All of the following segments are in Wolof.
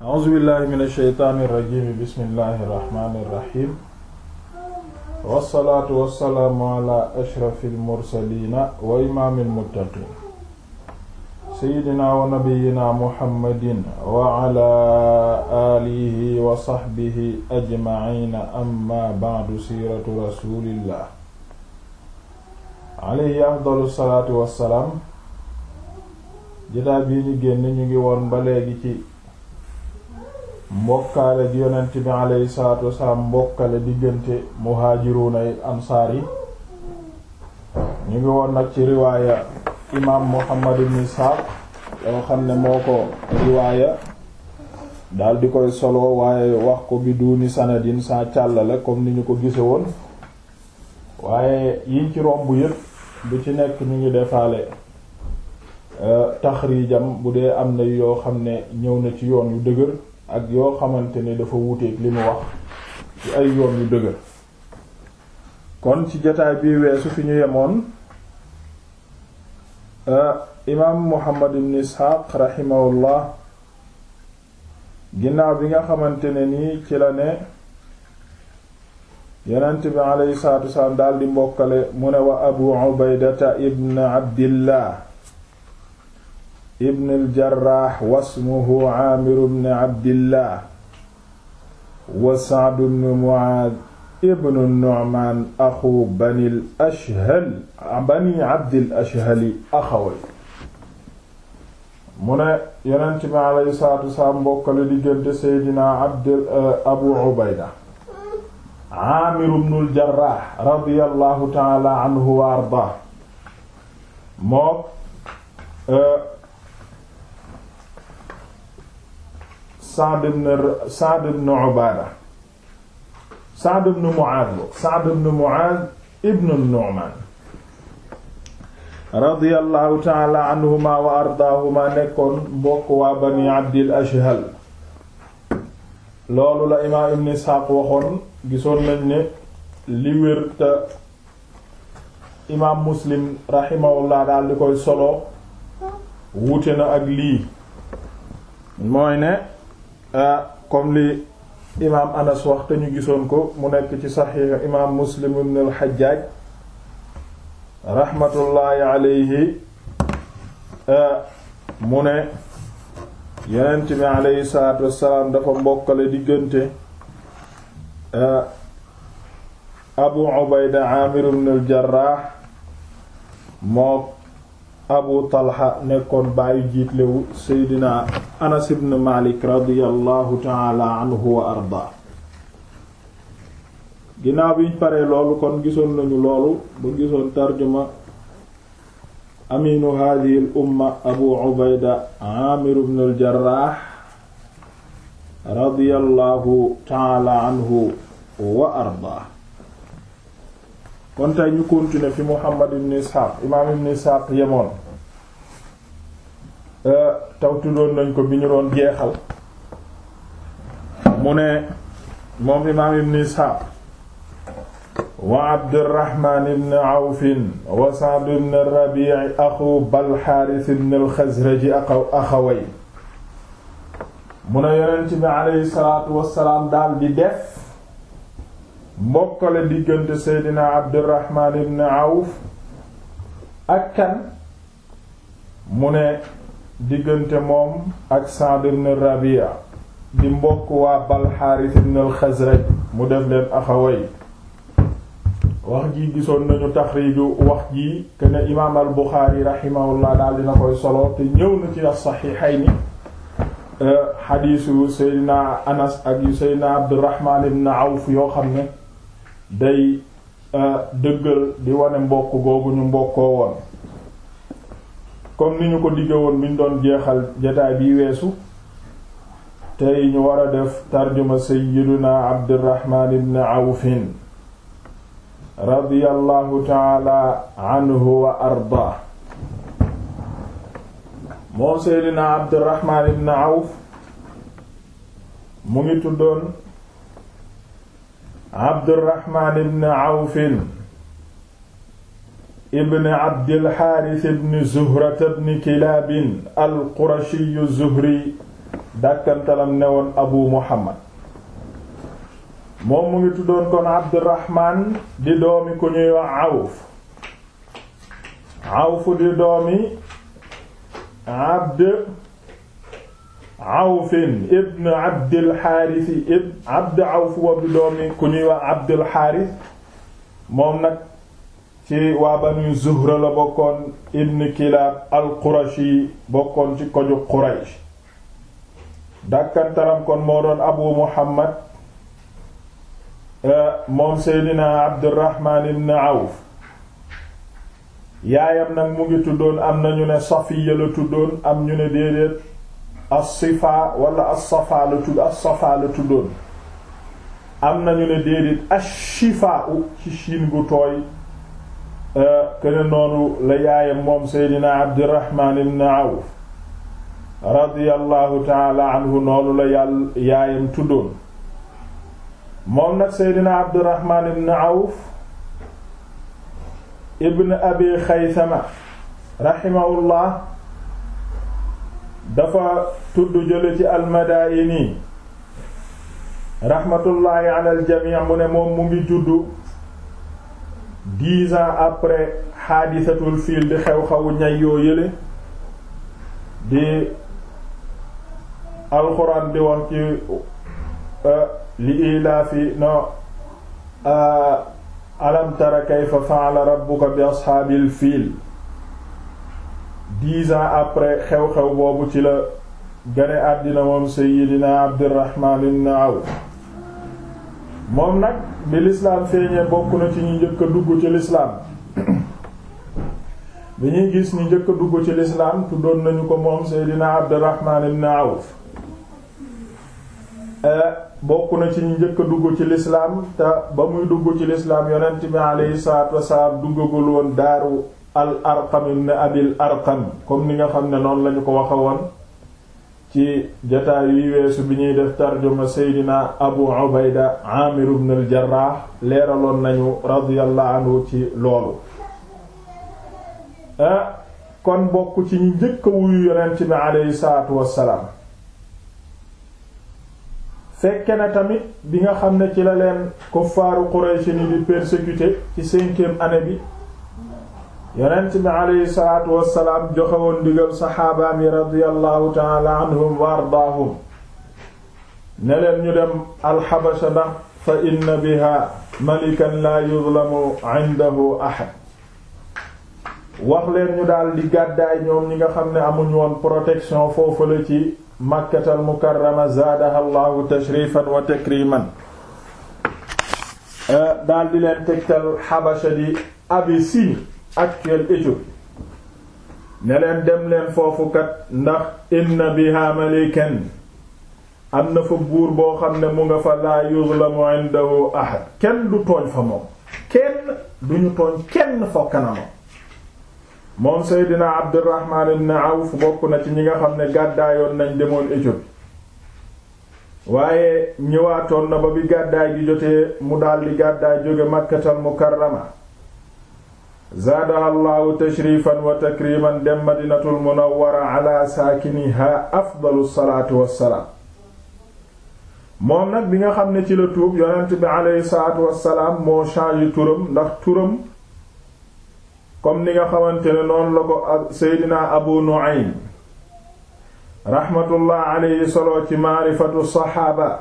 a'uuzu billahi min asheytaani irrajimi bismillahi irrahmani irrahim wassalaatu wassalaamu ala ashrafi almursalina wa imaami almuttaqin seydina wa nabiyina muhammadin wa ala alihi wa saxbihi ajmaina amma ba'du siiratu rasulillah alayhi afdalu salaatu wassalaam jataab yi ñu génn ñu ngi woon ba léegi ci mbokkaale di yonent bi alayhi salaatu wasalaam mbokkale diggante muhaajiruuna yi ansaar yi ñu ngi woon nag ci riwaaya imaam Muhammad ibn Isaaq yoo xam ne moo ko riwaaya daal di koy solo waaye wax ko bi duuni sanadin saa càllale comme ni ñu ko gise woon waaye yiñ ci romb yëpp bu ci nekk ñu ngi defaale eh, taxriijam bu dee am na yoo xam ne ñëw na ci yoon yu dëgër ak yoo xamante ni dafa wuuteeg li mu wax ci ay yoon yu dëgër kon ci jataay bii weesu fi ñu yemoon euh, imaam Muhammad ibn Isxaaq rahimahullah ginnaaw bi nga xamante ne nii ci la ne yonent bi alayhi salaatu wasalaam daal di mbokkale mu ne wa Abu Ubaydata ibn Abdillah ibn al-Jarraax wasmuhu Aamir ibn Abdillah wa Sa'd ibn Mu'aaz ibn Nu'maan axu banil Ashhal bani Abdil Ashhali axaway mu ne Yonent bi alayhi salaatu wa salaam mbokkale diggante Seydina Abdul eh, Abu Ubayda Aamir ibn al-Jarraax radiyallahu ta'aala anhu wa ardaahu Sa'd ibn Sa'd ibn Ubaada Sa'd ibn Mu'aaz boo Sa'd ibn Mu'aaz ta'ala anhuma wa ardaahuma nekkoon mbokk waa bani Abdil Ashhal loolu la imaam Ibn Isxaaq waxoon gisoon nañ ne li imaam Muslim rahimahullah daal di koy solo wuute na ak lii mooy ne Euh, comme li imaam Anas wax te ñu gisoon ko mu nekk ci saxiix imaam Muslim ibn al-Hajjaj raxmatullaahi alayhi euh, mu ne yonent bi alayhi salaatu wassalaam dafa mbokkale diggante euh, Abu Ubayda Aamir ibn jarraax mook abu talha nekkoon bàyyu jiitlewu seydina anas ibn malik radiallahu taala anhu wa arda ginnaaw bi ñu paree loolu kon gisoon nañu loolu bu gisoon tarjuma aminu hadihi l umma abu ubayda aamiru bnu aljarraax radiallahu taala anhu wa arda kon tey ñu continuer fi Muhammad ibn Ishaq imaam ibn Ishaq yemoon euh, taw tuddoon nañ ko bi ñu doon jeexal mu ne moom imaam ibn Ishaq wa Abdurrahman ibn Awf wa Sa'd ibn Rabi' axu Balxaaris ibn al-Xazraj axaway mu ne yonent bi aleyhi salaatu wassalaam daal di def mbokkale diggante seydina abdirahman ibn awf ak kan mu ne diggante moom ak Sa'd ibn Rabi'a di mbokk waa Balxaaris ibn al-Xasraj mu def leen axaway wax ji gisoon nañu taxriiju wax ji que imaam al Buxaari rahimahullah daal dina koy solo te ñëw na ci as-Saxiixayni euh, xadiisu Seydina Anas ak yu Seydina Abdurrahmaan ibn yoo xam ne day euh, dëggal di wane mbokk googu ñu mbokkoo woon comme ni ñu ko digge woon ñu doon jeexal jataay bi weesu tey ñu war def tarjuma sayyiduna abdirahmaan ibn awfin radiyallahu taala anhu wa arda moom seydina abdirahmaan ibn mu ngi tuddoon Abdurrahman ibn Awf ibn Abdil Haaris ibn Zuhra ibn Kilaab al-Qurashi az-Zuhri dàkkantalam newoon Abu Muhammad moom mu ngi tuddoon kon Abdurrahman di doomi ku ñuy wax Awf Awf di doomi Abd awfin ibn abdilxaaris ibn abd awf wabdu doomi ku ñuy wax abdilxaaris moom nag ci waa banu zuhra la bokkoon ibn kilaab alqurashi bokkoon ci koju quraysh dàkkantaram kon moo doon abu muhammad eh, moom seydina abdirahman ibn awf yaayam nag mu ngi tuddoon am na ñu ne safiya la tuddoon am ñu ne déedéet as-Sifa wala as-Safa la tudd as-Safa la tuddoon am nañu ne déedéet ash-Shifa ci shiin gu tooy kene euh, noonu la yaayam moom Seydina Abdirahman ibn Awf radiyallahu taala anhu noonu la yàll yaayam tuddoon moom nag Seydina Abdirahman ibn Awf ibn Abi Xaysama rahimahullah dafa tudd jële ci almadaayini rahmatullahi ala aljamii mu ne moom mu ngi juddu dix ans après xaadisatul fiil di xew-xawu ñay yoo yële di alxuraan di wax ci euh, li ilaafi no euh, alam tara kayfa fa'ala rabbuka bi ashaabil fiil dix ans après xew-xew boobu ci la gane àddina moom seydina abdirahman ibn awf moom nag bi lislaam feeñee bokk na ci ñu njëkk a dugg ci lislaam gis ñu njëkk dugg ci lislaam tuddoon nañu ko moom seydina abdirahman ibn awf eh, bokk na ci ñu njëkk dugg ci lislaam te ba muy dugg ci lislaam yonent bi aleyhi salaatu wasalaam duggagul woon daaru al arqam ibn abil arqam comme ni nga xam ne noonu lañu ko waxe ci jataay yuy weesu bi ñuy def tarjuma seydina abu ubayda aamir ibn al leeraloon nañu radiyallahu anhu ci loolu ah, kon bokk ci ñu njëkk a wuyu yonent bi aleyhi salaatu wassalaam fekke na tamit bi nga xam ne ci la leen kuffaaru Quraysh ni di persécuté ci cinquième année bi yonent bi aleyhi salaatu wassalaam joxewoon ndigal saxaabaam yi radiyallahu taala anhum wa ardaahum ne leen ñu dem alxabasha ndax fa inna biha malikan laa yuzlamu indahu ahad wax leen ñu daal di gàddaay ñoom ñi nga xam ne amuñ woon protection foofu la ci makkatal mukarrama zaadaha allahu tashrifan wa takriman eh, daal di leen tegtal xabasha di abisini ak Éthiopie ne leen dem leen ndax inna biha malikan am na fa buur boo xam ne mu nga fa laa yuzlamu indahu ahad kenn du tooñ fa moom kenn duñu tooñ kenn fa kanamam moom Seydina Abdurrahman ibn Awf bokk na ci ñi nga xam ne gàddaayoon nañ demoon Éthiopie waaye ñëwaatoon na ba bi gàddaay gi jotee mu daldi gàddaay jóge Makkatal Mukarrama zaadaha llahu tashrifan wa takriman dem madinatul munawwara ala saakiniha afdalu salaatu wassalaam moom nag bi nga xam ne ci la tuub yonent bi aleyhi salaatu wassalaam moo changé turam ndax turam comme ni nga xawante ne noonu la ko seydina abu nu'aym raxmatullah solo ci maarifatu saxaaba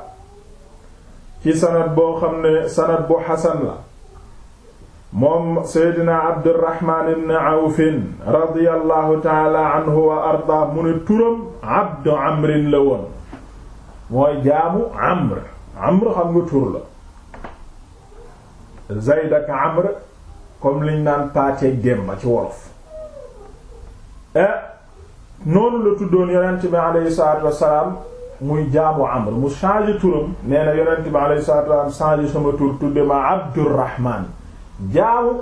ci sanad boo xam ne sanad bu xasan la moom seydina abdirahman ibn awfin radiallahu taala anhu wa arda mu ne turam abdu amrin la woon mooy jaamu amr amr xam nga tur la zayd ak amr comme liñ naan paateeg démba ci wolof eh, noonu la tuddoon yonent bi aleyhi salatu wasalaam muy jaamu amr mu changé turam nee na yonent bi aleyhi salatu wasalaam sama tur tudde ma abdurrahman jaamu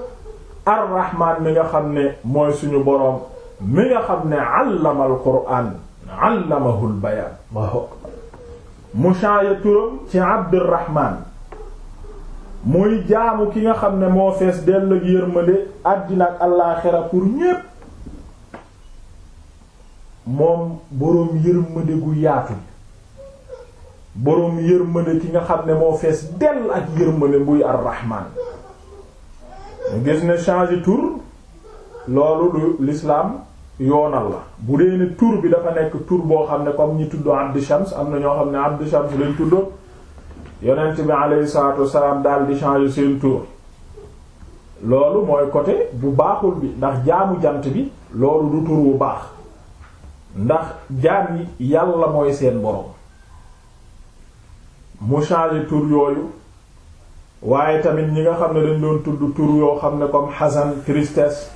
arrahman mi nga xam ne mooy suñu boroom mi nga xam ne allama al quraan allamahul bayaan mu changé turam ci abdurrahman jaamu ki nga xam ne moo fees dell ak yërmande àddina ak allaaxira pour ñépp moom boroom yërmande gu ki nga xam ne moo fees dell ak yërmande muy arrahman mu gis ne changer tour loolu lu l'islam yoonal la bu dee ne tur bi dafa nekk tur boo xam ne comme ñi tudd Abdu Shams am na ñoo xam ne Abdu Shams lañ tudd yonent bi alayhi salaatu wasalaam daal di changer seen tour loolu mooy côté bu baaxul bi ndax jaamu jant bi loolu du tur bu baax ndax jaam yi yàlla mooy seen borom mu changer tur yooyu waaye tamit ñi nga xam ne dañ doon tudd tour yoo xam ne comme xasan tristesse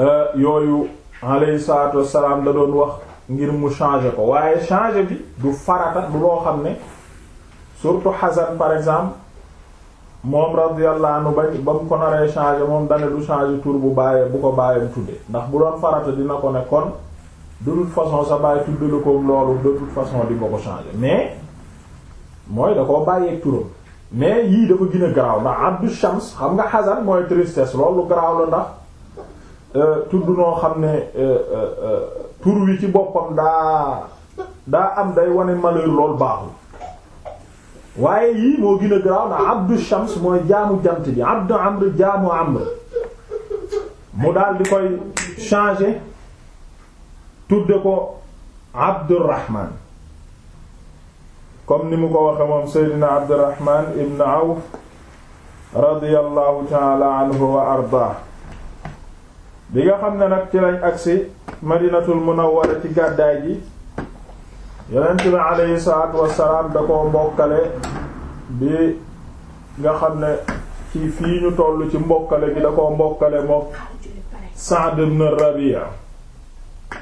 euh, yooyu alayhi salaatu wassalaam la doon wax ngir mu changer ko waaye changer bi du farata du loo xam ne surtout xasan par exemple moom radiyallahu anhu bañ ba mu ko naree changer moom dane du changer tur bu bàyyee bu ko bàyyam tudde ndax bu doon farata dina ko ne kon de toute façon sa bàyyi tudde la ko loolu de toute façon di nga ko changer mais mooy da koo bàyyeeg turam mais yii dafa gën a garaaw ndax abdu shams xam nga xasan mooy tristesse loolu garaaw la ndax euh, tudd noo xam ne euh, euh, tur wi ci boppam daa daa am day wane malheur loolu baaxul waaye yii moo gën a garaaw ndax abdu shams mooy jaamu jant bi abdu amr jaamu amr mu daal di koy changer tudde ko abdurrahman comme ni mu ko waxe moom seydina abdirahman ibn auf radiallahu taala anhu wa arda bi nga xam ne nag ci lañ agsi madinatul munawwara ci gàddaay gi yonent bi aleyhi salaatu wassalaam da ko mbokkale bi nga xam ne ci fii ñu toll ci mbokkale bi da ko mbokkale moom Sa'd ibn Rabi'a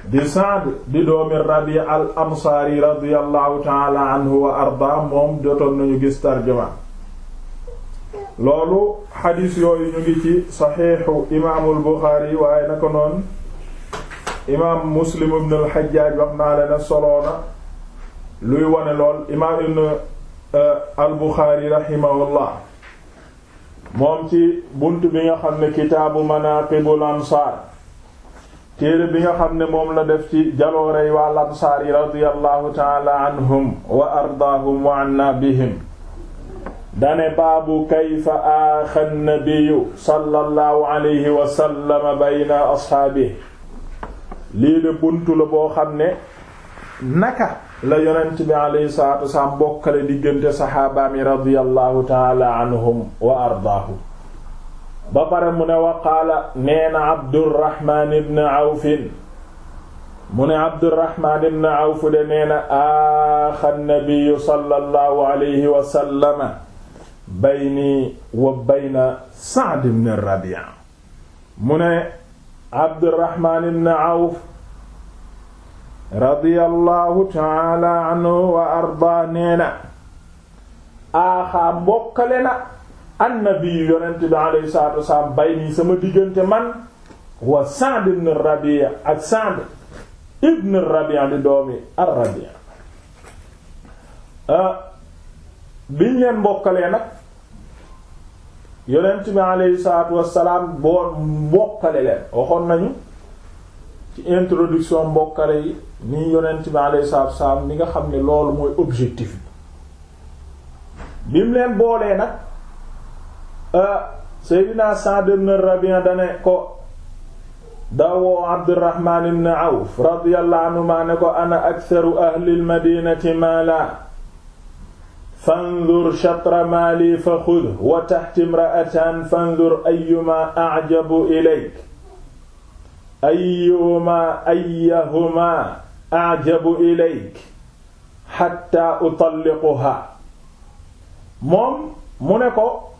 di Saad di doomi Rabi al Ansaari radiyallahu taala anhu wa arda moom jotoon nañu gis tarjumaan loolu xadiis yooyu ñu ngi ci saxiixu imaamul Buxaari waaye naka noonu imaam Muslim ibn al Xajjaaj wax naa leen soloona luy wane lool imaam ibn uh, al Buxaari raximahullah moom ci bunt bi nga xam ne kitaabu manaaqibul ansaar téere bi nga xam ne moom la def ci jaloorey waa lansaar yi radiyallahu taala anhum wa ardaahum wa anna bihim dane baabu kayfa aaxa nabiyu sallallahu alayhi wa sallam bayna asxaabihi lii de buntu la boo xam ne naka la yonent bi alayhi salaatu wasalaam bokkale diggante saxaabaami radiyallahu taala anhum wa ardaahum ba pare mu ne waqaala nee na abdurrahman ibn awfin mu ne abdurrahman ibn awf de nee na aaxa nabiyu sallallahu alayhi wa sallama bayni wa bayna sa'd ibn rabi'a mu ne abdurrahman ibn awf radiyallahu taala anhu wa arda nee na aaxaa mbokkale na annabi yonent bi alayhi salaatu wasalaam bay nii sama diggante man wa Sa'd ibn Rabi' ak Sa'd ibn Rabi' di doomi ar-Rabi' ah, biñ leen mbokkalee nag yonent bi alayhi salaatu wasalaam boo mbokkale leen waxoon nañu ci introduction mbokkale yi nii yonent bi alayhi salaatu wasalaam ni nga xam ni loolu mooy objectif bi bim leen boolee nag Euh, Seydina Sa'd ibn Rabi'a dane ko dawoo Abdurrahman ibn Awf radiyallahu anhu maa ne ko ana aktharu ahli al-madinati maala fanzur shatra maali fa xudh wa tahti imra'atan fanzur ayyuma a'jabu ilayk ayyuma ayyahuma a'jabu ilayk hatta utalliquha moom mu ne ko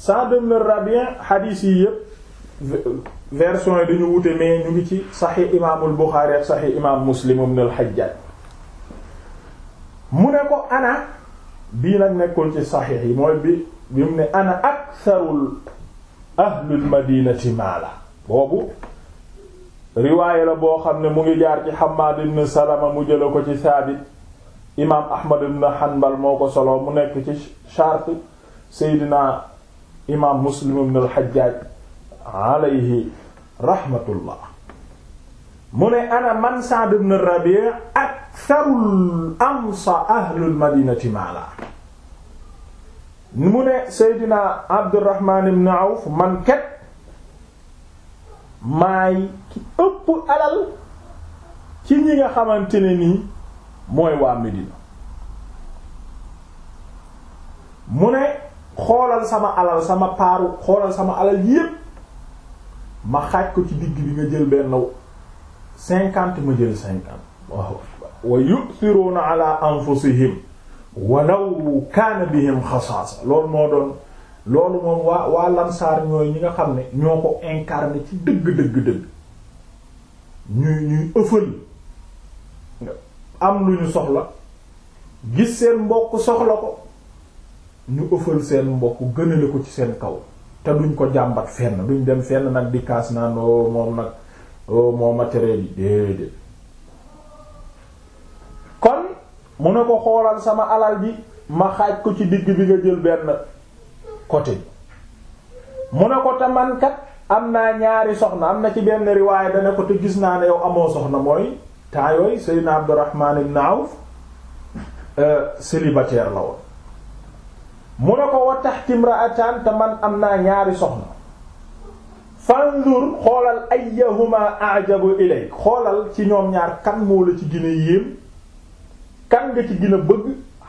Sa'd ibn Rabi' xadiis yi yépp version yi dañu wute mais ñu ngi ci saxi imaamul Buxaari ak saxi imaam Muslim ibn al mu ne ko ana bii nag nekkul ci saxiix yi mooy bi bi mu ne ana aktharul ahlul madinati maala boobu riwaaya la boo xam ne mu ngi jaar ci Hammaad ibn Salama mu jëla ko ci Saabit imaam Ahmad ibn Hanbal moo ko solo mu nekk ci charte Seydina imaam muslim ibn al-Hajjaj alayhi rahmatullah mu ne ana man Sa'd ibn Rabi' aktharul amsa ahlul madinati maala mu ne Seydina Abdurrahman ibn Awf man kat maay ki ëpp alal ci ñi nga xamante ne nii mooy waa Medina mu ne xoolal sama alal sama paaru xoolal sama alal yépp ma xaaj ko ci digg bi nga jël benn cinquante ma jël cinquante waaw wa yu'thiruna ala anfusihim walaw kaana bihim xasaasa loolu moo doon loolu moom waa waa lansaar ñooy ñi nga xam ne ñoo ko incarné ci dëgg dëgg dëgg ñuy ñuy ëffal am lu ñu soxla gis seen mbokk soxla ko ñu ëffal seen mbokk gënale ko ci seen kaw te duñ ko jàmbat fenn duñ dem fenn nag di kaas naan o oh, moom nag o oh, moo matériel yi déedéet kon mu ne ko xoolal sama alal bi ma xaaj ko ci digg bi nga jël benn côté bi mu ne ko te man am naa ñaari soxna am na ci benn riwaaya dana ko te gis naa ne yow amoo soxna mooy temps yooyu Seydina Abdurrahman ibn Awf euh, célibataire la woon mu ne ko wa taxti imra'atan te man am naa ñaari soxna fanzur xoolal ayyahuma a'jabu ilayk xoolal ci ñoom ñaar kan moo la ci gën yéem kan nga ci gën bëgg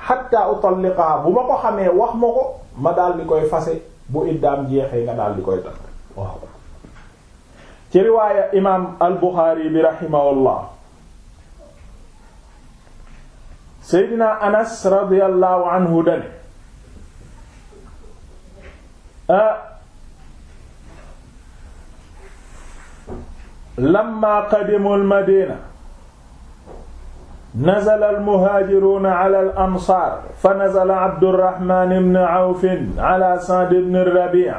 hatta utalliqa bu ma ko xamee wax ma ko ma daal di koy fase bu iddaam jeexee nga daal di koy takk waaw ci riwaaya imaam al bi rahimahullah seydina anas radiyallahu anhu dane Ah. lamma qadimu almadina nazala almuhaajiruuna ala alansaar fa nazala abdurrahman ibn awf ala sa'd ibn rabi'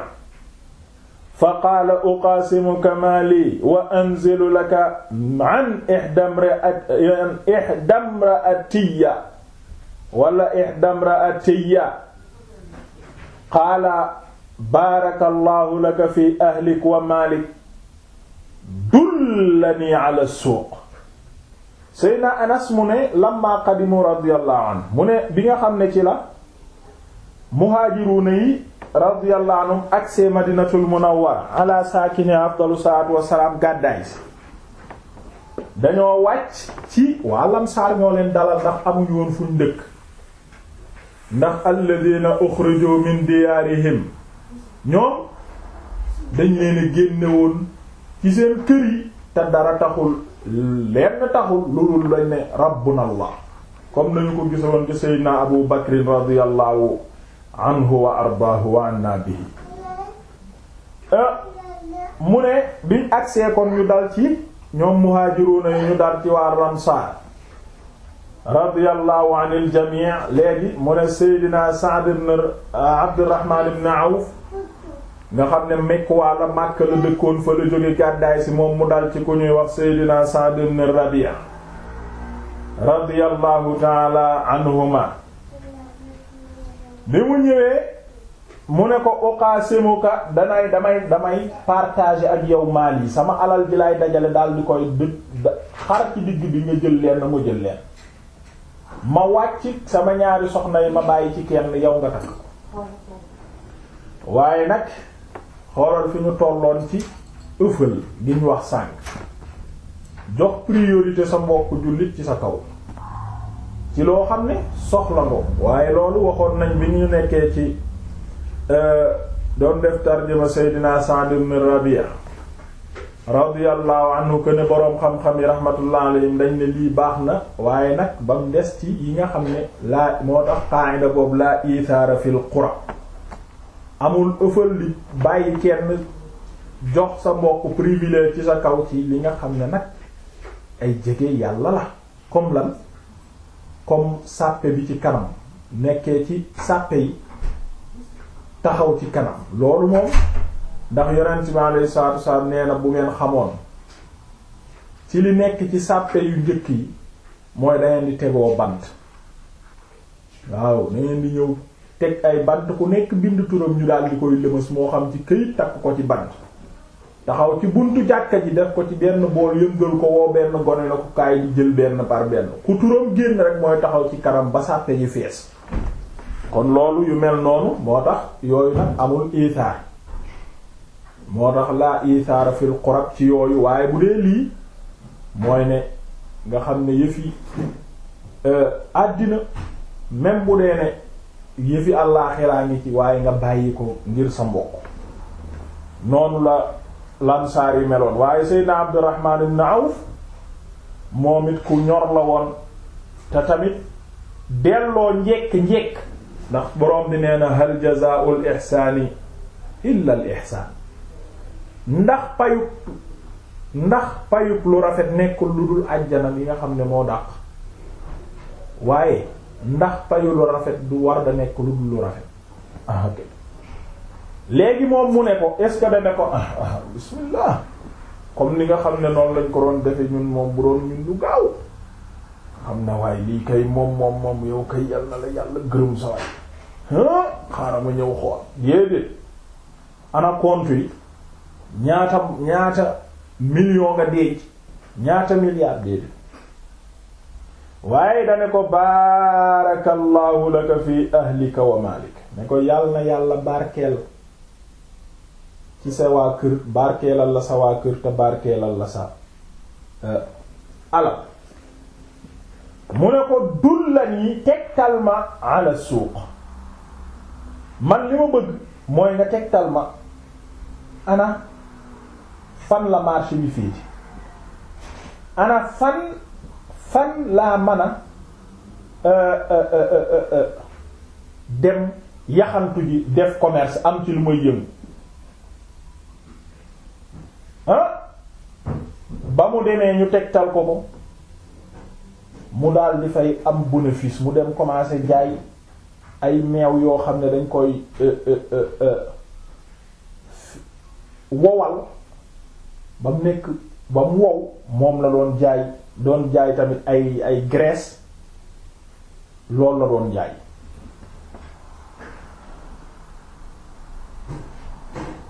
fa qaala uqaasimuka maali wa anzilu laka an ihda imraatiya wala ihda imraatiya qaala baarakallahu laka fi ahlik wa maalik dullani ala suuq seydna anas mu ne lamma qadimu radiyallahu anhu mu ne bi nga xam ne ci la muhaajiruuna yi radiyallahu anhum akse madinatul munawwara ala saakini afdalu salaatu wassalaam gàddaay si dañoo wàcc ci waa lamsaar ñoo leen dalal ndax amuñu woon fuñ dëkk ndax alladina uxrijoo min diyaarihim ñoom dañ leen a ci seen kër yi te dara taxul lenn taxul loolu lañ ne rabbuna allah comme nañu ko gisoon ci seydina abu bakrin radiyallahu anhu wa arbaahu wa anna bihi euh, mu ne biñ agsee kon ñu dal ci ñoom muhaajiruuna yi ñu dal ci waa ramsaar radiyallahu anil jamii léegi mu ne seydina sa'd ibn abdurrahman ibn awf nga xam ne Mekwa la Makka la dëkkoon fa la jóge gàddaay si moom mu dal ci ku ñuy wax Seydina Sa'd ibn Rabi'a radiyallahu taala anhuma bi mu ñëwee mu ne ko uqasimuka danay damay damay partager ak yow maal yi sama alal ji lay dajale daal di koy dë- xar ci digg bi nga jël leen mu jël leen ma wàcc sama ñaari soxna yi ma bàyyi ci kenn yow nga takk oh, oh. waaye nag xoolal fi ñu tolloon ci ëffal gi wax sànk jox priorité sa mbokk jullit ci sa kaw ci loo xam ne soxla ngo waaye loolu waxoon nañ bi ñu nekkee ci euh, doon def tarjuma Seydina Sa'd ibn Rabi'a radiyallahu anhu ne boroom xam-xam yi rahmatullah alayhim dañ ne lii baax na waaye nag ba des ci yi nga xam ne laa moo tax qaa'ida boobu laa ithaara fil qura amul ëffal li bàyyi kenn jox sa mbokk privilège ci sa kaw ci li nga xam ne nag ay jege yàlla la comme lan comme sàppe bi ci kanam nekkee ci sàppe yi taxaw ci kanam loolu moom ndax yonent bi alayhi salaatu wasalaam nee na bu ngeen xamoon ci li nekk ci sàppe yu njëkk yi mooy dangeen di tegoo bant waaw dangeen di ñëw teg ay bant ku nekk bind turam ñu daal di koy lëmas moo xam ci kayit takk ko ci bant taxaw ci buntu jàkka ji def ko ci benn bool yëngal ko woo benn gone na ko kaay jël benn par benn ku turam génn rek mooy taxaw ci kanam ba sàppe yi fees kon loolu yu mel noonu moo tax yooyu nag amul isaar moo tax laa isaara fil xurab ci yooyu waaye bu dee lii mooy ne nga xam ne yëf yi euh, àddina bu dee ne yëfi àllaaxiraa ngi ci waaye nga bàyyi ko ngir sa mbokk noonu la lansaar yi meloon waaye seydna abdurrahman ibn awf moom it ku ñor la woon te tamit delloo njekk njekk ndax boroom bi nee na hal jazaa'ul ihsaani illa al ndax payug ndax payug lu rafet nekkul lu dul àjjana yi nga xam ne moo daq waaye ndax payu rafet du war da nekk lu dul lu rafet ah, léegi moom mu ne ko est ce ko ah, ah, bismillah comme ni nga xam ne noonu lañ ko doon defe ñun moom bu doon ñun du gaaw xam na waaye lii kay moom moom moom yow kay yal na la yàlla gërëm sa waay xaaral ma ñëw xool yéedée ana compte ñaata ñaata million nga deej ñaata milliard déedée waaye da ne ko baarakallahu laka fi ahlika wa maalik ne ko yàlla na yàlla barkeel ci sa waa kër barkeelal la sa waa kër te barkeelal la sa eh, alal mu ne ko dullani tegtal ma ala suuq man li ma tegtal ma ana fan la marché bi fii ana fan fan laa mën a euh, euh, euh, dem yaxantu ji def commerce am ci lu may yëngu ah ba mu demee ñu tegtal ko ko mu daal di fay am bénéfice mu dem commencer jaay ay meew yoo xam ne dañ koy wowal ba mu nekk ba mu wow moom la doon jaay doon jaay tamit ay ay graisse loolu la doon jaay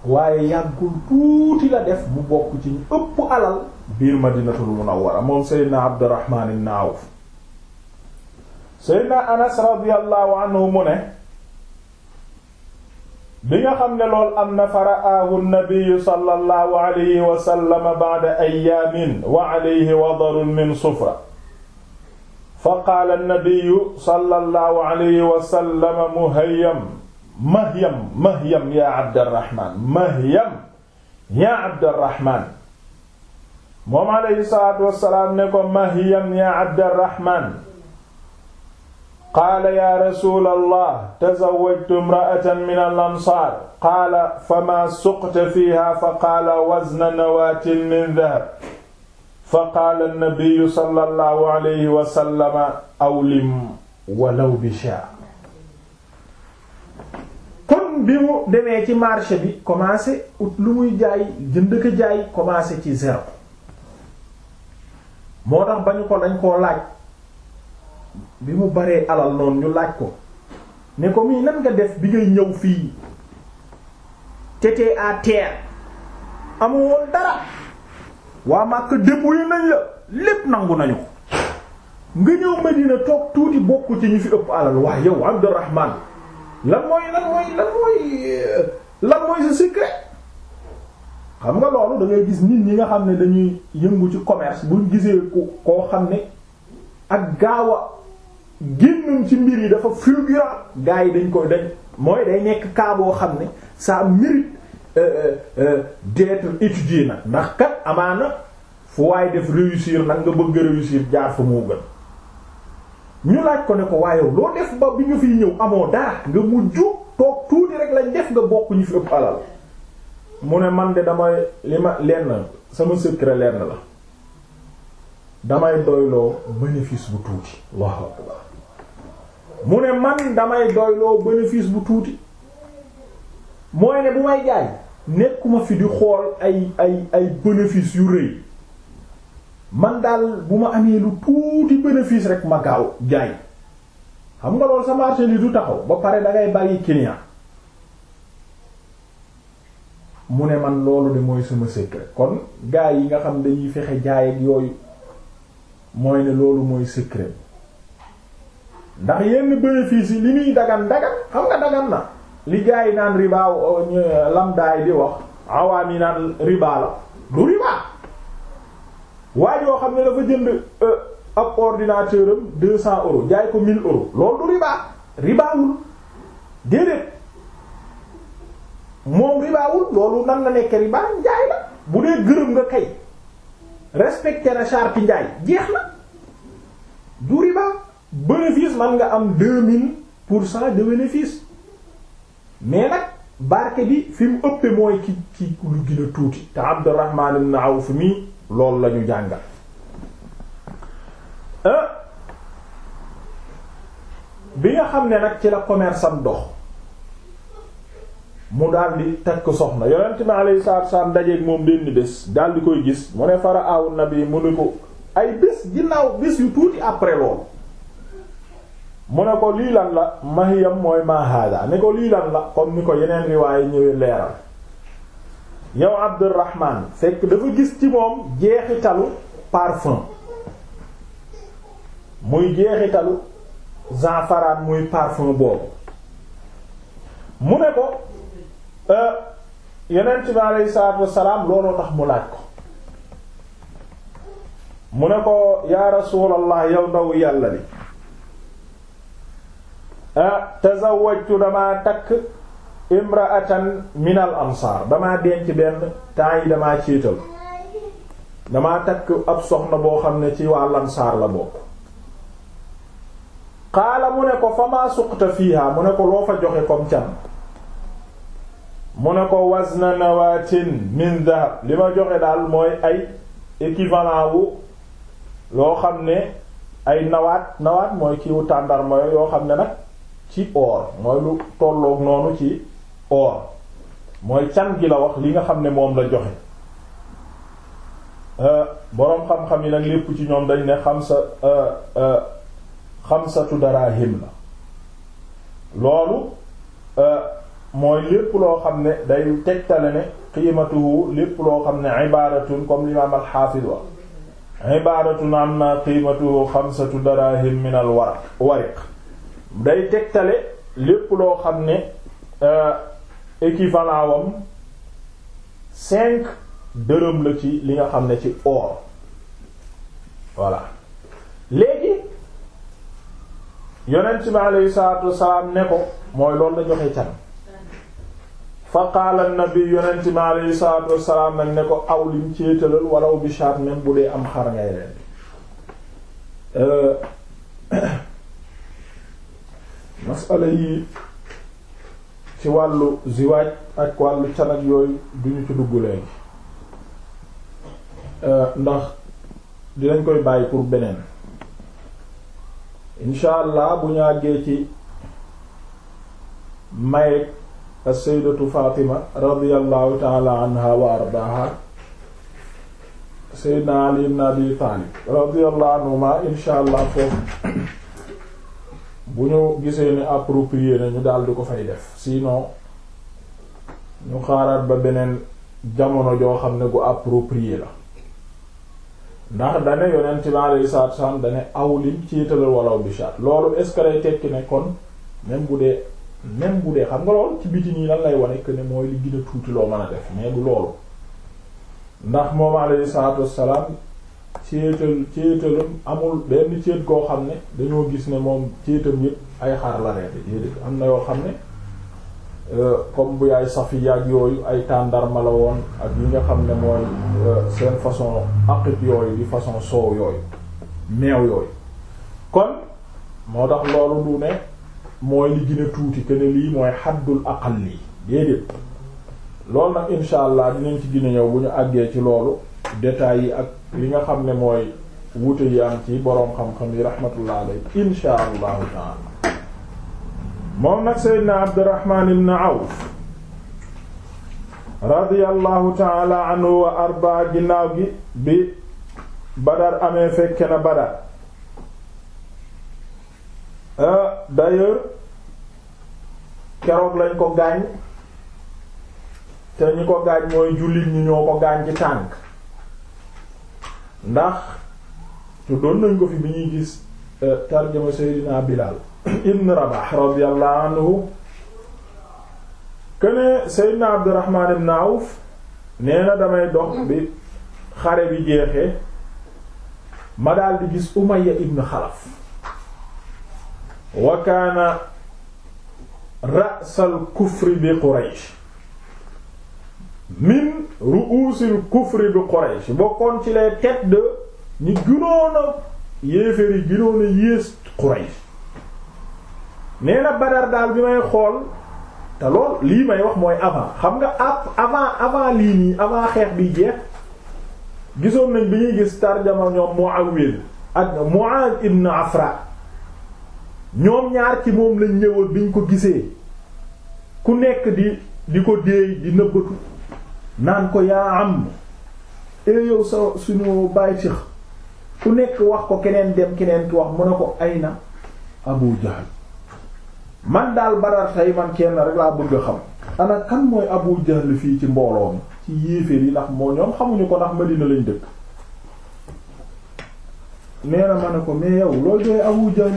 waaye yàggul tuuti la def bu bokk ci ñu ëpp alal biir madinatul munawwara moom seydna abdurrahman ibn awf seydna anas radiyallahu anhu mu ne bi nga xam ne lool am na faraahu nabiyu sallallahu alayhi wa sallam ba'da ayyaamin wa alayhi wadarun min sufra fa qaala nabiyu sallallahu alayhi wa sallam muhayyam mahyam mahyam yaa abdarrahman mahyam yaa abdarrahman moom alayhi salaatu wa salaam ne ko mahyam yaa abdarrahman qaala yaa rasuulallah tazawwajtu imra'atan min al-ansaar qaala famaa suqta fiihaa fa qaala wazna nawaatin min dahab fa qaala an-nabiyyu sallallahu alayhi wa sallam awlim walaw bi shaa kon bi mu demee ci marché bi commencé ut lu muy jaay jënd ko jaay commencé ci zéro moo tax ba ñu ko dañ koo laaj bi mu baree alal noonu ñu laaj ko ne ko mii nan nga def bi ngay ñëw fii t'étais à terre amu woon dara waa Màkka dépouillé nañ la lépp nangu nañu nga ñëw Medina toog tuuti bokk ci ñu fi ëpp alal waa yow Abdurrahman lan mooy lan mooy lan mooy euh, lan mooy xam nga loolu dangay gis nit ñi nga xam ne dañuy yëngu ci commerce buñ gisee ko koo xam ne ak gaawa génnam ci mbir yi dafa fulgurant gars yi dañ koy dañ mooy day nekk cas boo xam ne ça mérite euh, euh, euh, d'être étudié na ndax kat amaana fu waaye def réussir nag nga bëgg réussir jaar fa moo gën ñu laaj ko ne ko waaye loo def ba bi ñu fiy ñëw amoo dara nga mujj toog tuuti rek lañ def nga bokk ñu fi ëpp alal mu ne man de damay li ma lenn sama secret lenn la damay doyloo bénéfice bu tuuti Allahu akbar mu ne man damay doyloo bénéfice bu tuuti mooy ne bu may jaay nekkuma fi di xool ay ay ay bénéfice yu rëy man daal bu ma amee lu tuuti bénéfice rek ma gaaw jaay xam nga loolu sa marché du taxaw ba pare da ngay bari client mu ne man loolu de mooy sama secret kon gaa yi nga xam dañuy fexe jaay yooyu mooy ne loolu mooy secret ndax yenn bénéfice yi li muy dagan dagan xam nga dagan na li gars naan riba euh, lamdaay di wax awaam yi naan riba la du riba waaye yoo xam ne dafa jënd euh, ab ordinateur deux cent euros jaay ko mille euros loolu du riba ribaawul déedéet moom ribaawul loolu nan la nekk riba jaay la bu dee gërëm nga kay respecté na charte njaay jeex na du riba bénéfice man nga am deux pour cent de bénéfice mais nag barke bi fim ëppee mooy ki ki lu gën tuuti te Abdurrahman ibn Awf mi loolu lañu ñu jàngal ah. bi nga xam ne nag ci la commerce am dox mu daal di takk soxna yonent bi alayhi salaatu wasalaam dajeeg moom benn bés daal di koy gis mu ne fara awu nabi mu ne ko ay bés ginnaaw bés yu tuuti après loolu mu ne ko lii lan la mahiyam mooy mahada ne ko lii la comme ni ko yeneen riwaaye ñëwee leeral yow Abdurrahman fekk dafa gis ci moom jeexitalu parfum muy jeexitalu zanfaraan muy parfum boobu mu ne ko Euh, yonent bi aleyhi salaatu wassalaam tax mu laaj ko mu ne ko yaa rasuulallah yow ndaw yàlla li tazawwajtu damaa takk imra'atan minal ansaar damaa denc benn temps yi damaa ciital damaa takk ab soxna boo xam ne ci waa lansaar la bokk xaala mu ne ko famaa suqta fiiha mu ne ko loo fa joxe comme can mu ne ko wazna nawaatin min dahab li ma joxe daal mooy ay équivalent wu loo xam ne ay nawat nawat mooy kiiwu tàndarma yoo xam ne nag ci or mooy lu tolloog noonu ci or mooy can gi la wax li nga xam ne moom la joxe euh, boroom xam-xam yi nag lépp ci ñoom dañ ne xamsa euh, euh, xamsatu daraahim la loolu mooy lépp loo xam ne day tegtale ne qiimatuhu lépp loo xam ne ibaratun comme l'imam al-Hafiz wa ibaratun amma qiimatuhu xamsatu darahim min al waraq wariq day tegtale lépp loo xam ne euh, équivalent wam cinq dërëm la ci li nga xam ne ci or voilà léegi yonent bi aleyhi salaatu wasalaam ne ko mooy loolu la joxe can fa qaala nabi yonent mi aleyhi salaatu wassalaam nag ne ko aw liñ céetalal walaw bi shaat même bu dee am xar ngay rendi euh, masala yi ci wàllu ziwaaj ak wàllu canag yooyu duñu ci dugg léegi euh, ndax dinañ koy bàyyi pour beneen incha allah bu àggee ci maye as-sayyidatu Fatima radiyallahu ta'ala anha wa ardaaha sayyidina Ali ibn Taalib radiyallahu anhuma insha foofu bu ñu gisee ni approprié na ñu daal di ko fay def sinon ñu xaaraat ba beneen jamono joo xam ne gu approprié la ndax dane yonent bi alayhi salaatu wa salaam dane aw lim ciitalal walaw bishaat loolu est tekki ne kon même bu dee même bu dee xam nga loolu ci biti nii lan lay wane que ne mooy li gën a tuuti loo mën a def mais du loolu ndax moom alayhi salaatu wassalaam céetal céetalam amul benn céet koo xam ne dañoo gis ne moom céetam yëpp ay xar la reete déedéet am na yoo xam ne euh, comme bu yaay safi yooyu ay tàndarma la woon ak yi nga xam ne mooy euh, seen façon aqit yooyu di façon soow yooyu meew yooyu kon moo tax loolu du ne mooy li gën tuuti que ne lii mooy xaddul aqal lii déedéet loolu nag incha allah dinañ ci gën a ñëw bu ñu àggee ci loolu détails yi ak li nga xam ne mooy wuute yi am ci boroom xam-xam yi rahmatullah alay incha allahu moom nag seydna abdirahman ibn awf radiallahu taala anhu wa ginnaaw gi bi badar amee fekke na badar Euh, d'ailleurs keroog lañ ko gaañ te ñi ko gaañ mooy jullit ñi ñoo ko gaañ ci tànk ndax tu nañ ko fi bi ñuy gis euh, tarjama Seydina Bilal ibn Rabah radiyallahu anhu kene Seydina Abdurrahman ibn Auf nee na damay dox bi xare bi jeexee ma daal di gis Umayya ibn Xalaf wa kaana ra'sal kufri bi Quraysh min ru'usil kufri bi Quraysh bokkoon ci les têtes de ñi gënoon a yéeféer yi a yées Quraysh nee Badar daal bi may xool te lool lii may wax mooy avant xam nga avant avant lii nii avant xeex bi jeex gisoon nañ bi ñuy gis tarjama ñoom Muawiya ak Muaz ibn Afra ñoom ñaar ci moom lañ ñëwoon biñ ko gisee ku nekk di di ko déey di nëbbatu naan ko yaa am ee eh, yow sa suñu bàyyi tix ku nekk wax ko keneen dem keneen ki wax mu ne ko ay na Abu Jahl man daal Badar tey man kenn rek laa bëgg a xam ana kan mooy Abu Jahl fii ci mbooloo mi ci yéeféer yi ndax moo ñoom xamuñu ko ndax Madina lañ dëkk nee na ma ne ko mais yow looy doy Abu Jahl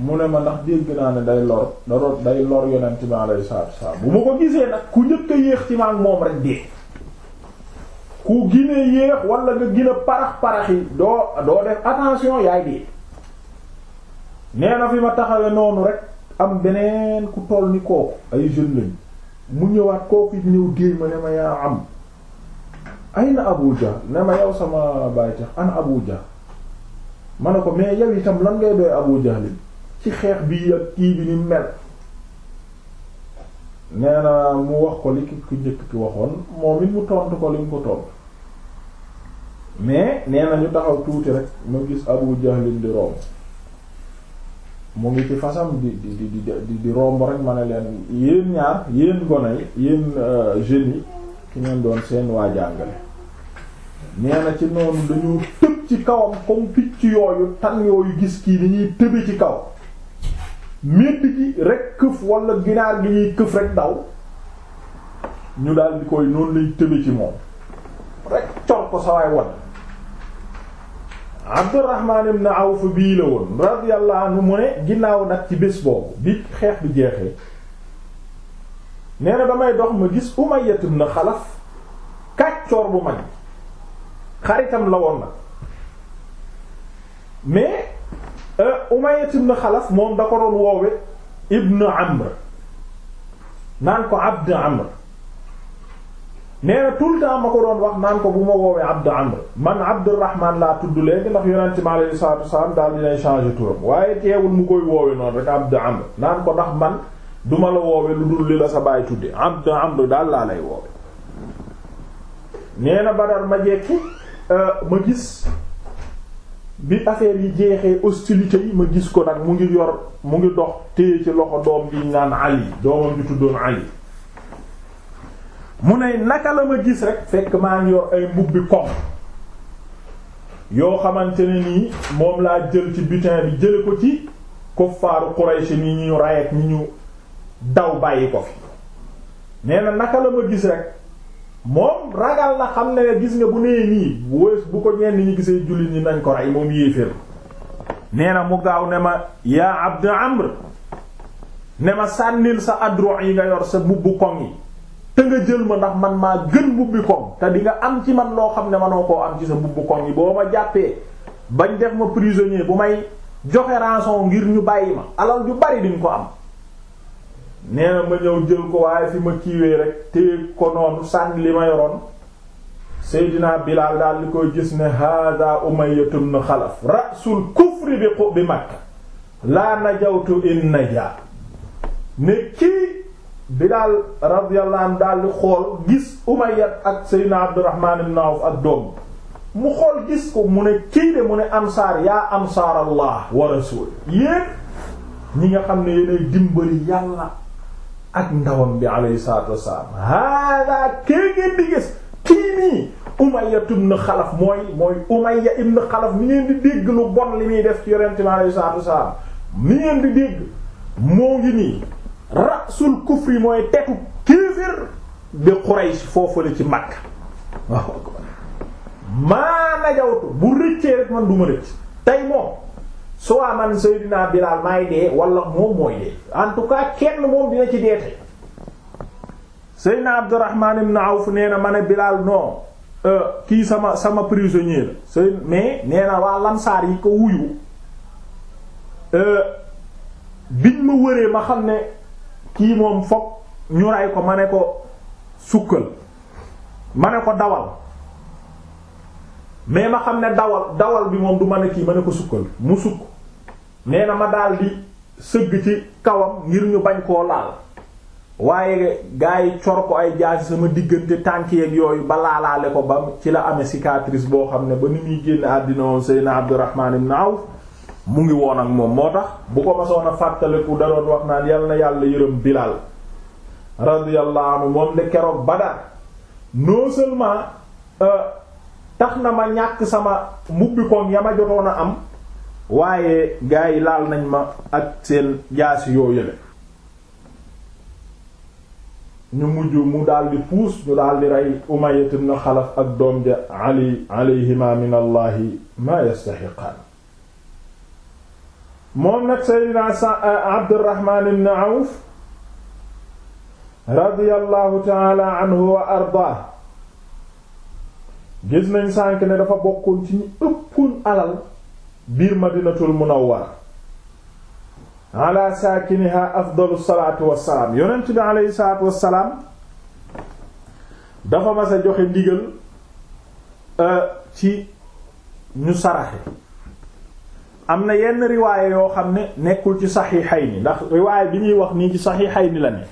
mu ne ma ndax dégg naa ne day lor daroot day lor yonent bi alayhi salaatu wassalaam bu ma ko gisee nag ku njëkk a yéex ci maag moom rek dee ku gine yéex wala nga gën a parax-parax yi doo doo def attention yaay dee nee na fi ma taxawe noonu rek am beneen ku tool ni kooku ay jeune lañ mu ñëwaat kooku it ñëw déey ma ne ma yaa am ay na Abuja ne ma yow sama bàyyi tax an Abuja ma ne ko mais yow itam lan ngay doy Abu Jahl ci xeex bi ak kii bi ni mel nee na mu wax ko li ki ku njëkk ki waxoon moom it mu tontu ko li ko tontu mais nee na ñu taxaw tuuti rek ma gis Abu Jahlin di romb mu ngi ci fasam di di di di di romb rek ma ne leen yéen ñaar yéen gone yi yéen euh, jeunes yi ki ngeen doon seen waa jàngale nee na ci noonu dañoo tëb ci kawam comme picc yooyu tan yooyu gis kii ni ñuy tëbe ci kaw medd gi rek këf wala ginaar gi ñuy këf rek daw ñu daal di koy noonu lay tëbe moom rek cor ko sawaay wan Abdurrahman ibn Awf bii la woon radiyallahu anhu mu ne ginnaaw nag ci bés boobu bi xeex bi jeexee nee damay dox ma gis Umayya ibn Xalaf kàccoor bu mag xaritam la woon nag mais Euh, Umayya ibn Xalaf moom da ko doon woowe ibn Amr naan ko Abd Amr nee na tout le temps ma ko doon wax naan ko bu ma woowee Abd Amr man Abdurrahman laa tudd léegi ndax yonent mi alayhi salaatu wasalaam daal dinay changer turam waaye teewul mu koy woowe noonu rek Abd Amr naan ko ndax man duma la woowe lu dul li la sa baay tudde Abd Amr daal laa lay woowe nee Badar ma jekki euh, ma gis bi affaire yi jeexee hostilité yi ma gis ko nag mu ngi yor mu ngi dox téye ci loxo doom bi naan Ali doomam bi tuddoon Ali mu ne naka la ma gis rek fekk maa yor ay mbubbi koŋ yoo xamante ne nii moom laa jël ci butin bi jële ko ci kuffaaru Quraysh ni ñu rey ak ñu daw bàyyi ko fi nee na naka la ma gis rek moom ragal na xam ne gis nga bu nee nii wées bu ko ñenn ñi gisee jullit ñi nañ ko rey moom yéeféer nee na mu gaaw ne ma yaa abd amr ne ma sànnil sa adro yi nga yor sa mbubbu koŋ yi te jël ma ndax man maa gën mbubbi koŋ te di nga am ci man loo xam ne manoo koo am ci sa mbubbu koŋ yi boo ma jàppee bañ def ma prisonnier bu may joxe rançon ngir ñu bàyyi ma alal ju bari diñ ko am nee na ma ñëw jël ko waaye fi ma kiiwee rek téeg ko noonu sànni li ma yoroon Seydina Bilaal daal di koy gis ne hada Umayya ibn Xalaf rasul kufri bi bi Makka laa najawtu in naja ne kii Bilaal radiyallahu daal di xool gis Umayya ak Seydina Abdurrahman ak doom mu xool gis ko mu ne kii de mu ne ansaar yaa ansaar wa rasul yéen ñi nga xam ne yéenay dimbali yàlla ak ndawam bi alayhi salaatu wassalaam haadaa kee ngeen di gis kii nii Umayya ibn Xalaf mooy mooy Umayya ibn Xalaf mi ngeen di dégg lu bon li muy def ci yonent bi alayhi salaatu wassalaam mi ngeen di dégg moo ngi nii rasul kufri mooy tetu kéefër bi Quraysh foofu la ci Makka waaw maa najawtu bu rëccee rek man du rëcc tey moom soit man Seydina Bilaal maay dee wala moom mooy dee en tout cas kenn moom dina ci deete Seydina Abdurrahman ibn Awf nee na ma ne Bilaal non euh, kii sama sama prisonnier la mais neena na waa lansaar yi ko wuyu euh, biñ ma wëree ma xam ne kii moom fokk ñu ray ko ma ne ko sukkal ma ne ko dawal mais ma xam ne dawal dawal bi moom du ma ne kii ma ne ko sukkal mu sukk nee na ma daal di sëgg ci kawam ngir ñu bañ koo laal waaye gaa yi cor ko ay jaasi sama diggante tànk yeeg yooyu ba laalaale ko ba ci la amee cicatrice boo xam ne ba ni muy génn àddina woon Seydina Abdurrahman ibn mu ngi woon ak moom moo tax bu ko masoon a fàttaliku da doon wax naan yal na yàlla yërëm Bilal radiyallahu anhu moom de keroog Badar non seulement euh, tax na ma ñàkk sama mubbi koom ya ma jotoon a am. waaye gaa yi laal nañ ma ak seen jaasi yoo yële ñu mujj mu daldi puus ñu daldi rey Umayyah ibn Xalaf ak doom ja Ali alayhima min allahi ma yastaxiqaan moom nag Seydina eh, Abdurrahman ibn Awf radiyallahu taala wa ardaa gis nañ sànk ne dafa bokkoon ci ñu ëppoon alal biir madinatul munawwara ala saakiniha afdalu salaatu wassalaam yonent bi aleyhi salaatu wassalaam dafa mas joxe ndigal euh, ci ñu saraxe am na yenn riwaayé yoo xam ne nekkul ci saxiixayni ndax riwaayé bi ñuy wax nii ci saxiixayni la ne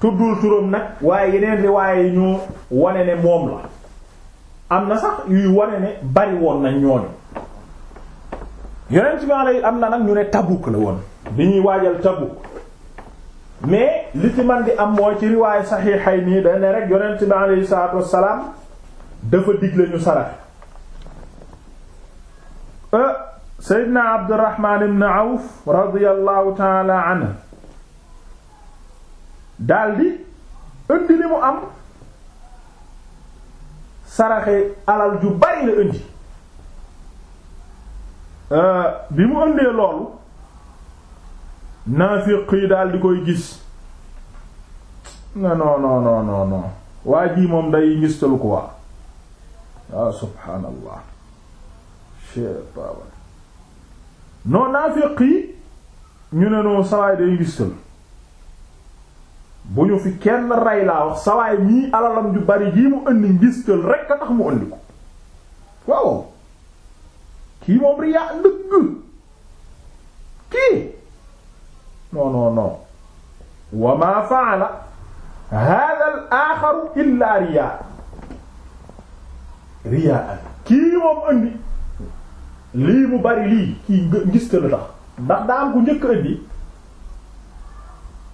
tuddul turam nag waaye yeneen riwaayé yi ñu wane ne moom la am na sax yuy wane ne bari woon na ñooñu yonent bi am na nag ñu ne Tabuk la woon bi ñuy waajal Tabuk mais li ci man di am moo ci riwaay saxiixay nii da ne rek yonent bi alayhi salaatu wassalaam dafa digle ñu sarax euh, Seydina Abdurrahman ibn Awf radiyallahu taala anhu daldi indi li mu am saraxe alal ju bari la indi Euh, bi mu ëndee loolu naafiq yi daal di koy gis na non non non non waa jii moom day ngistalu ko waa waaw ah, subhaanallah non yi ñu ne noo sawaay day ngistal bu ñu fi kenn rey laa wax sawaay mii alalam ju bari jii mu indi ngistal rekk a tax mu indi ko waaw kii moom riyaa ndëgg kii non non non wa ma faala hada al axaru illa riyaa riyaa kii moom andi lii mu bari lii kii ngis la tax ndax daa am ku njëkk andi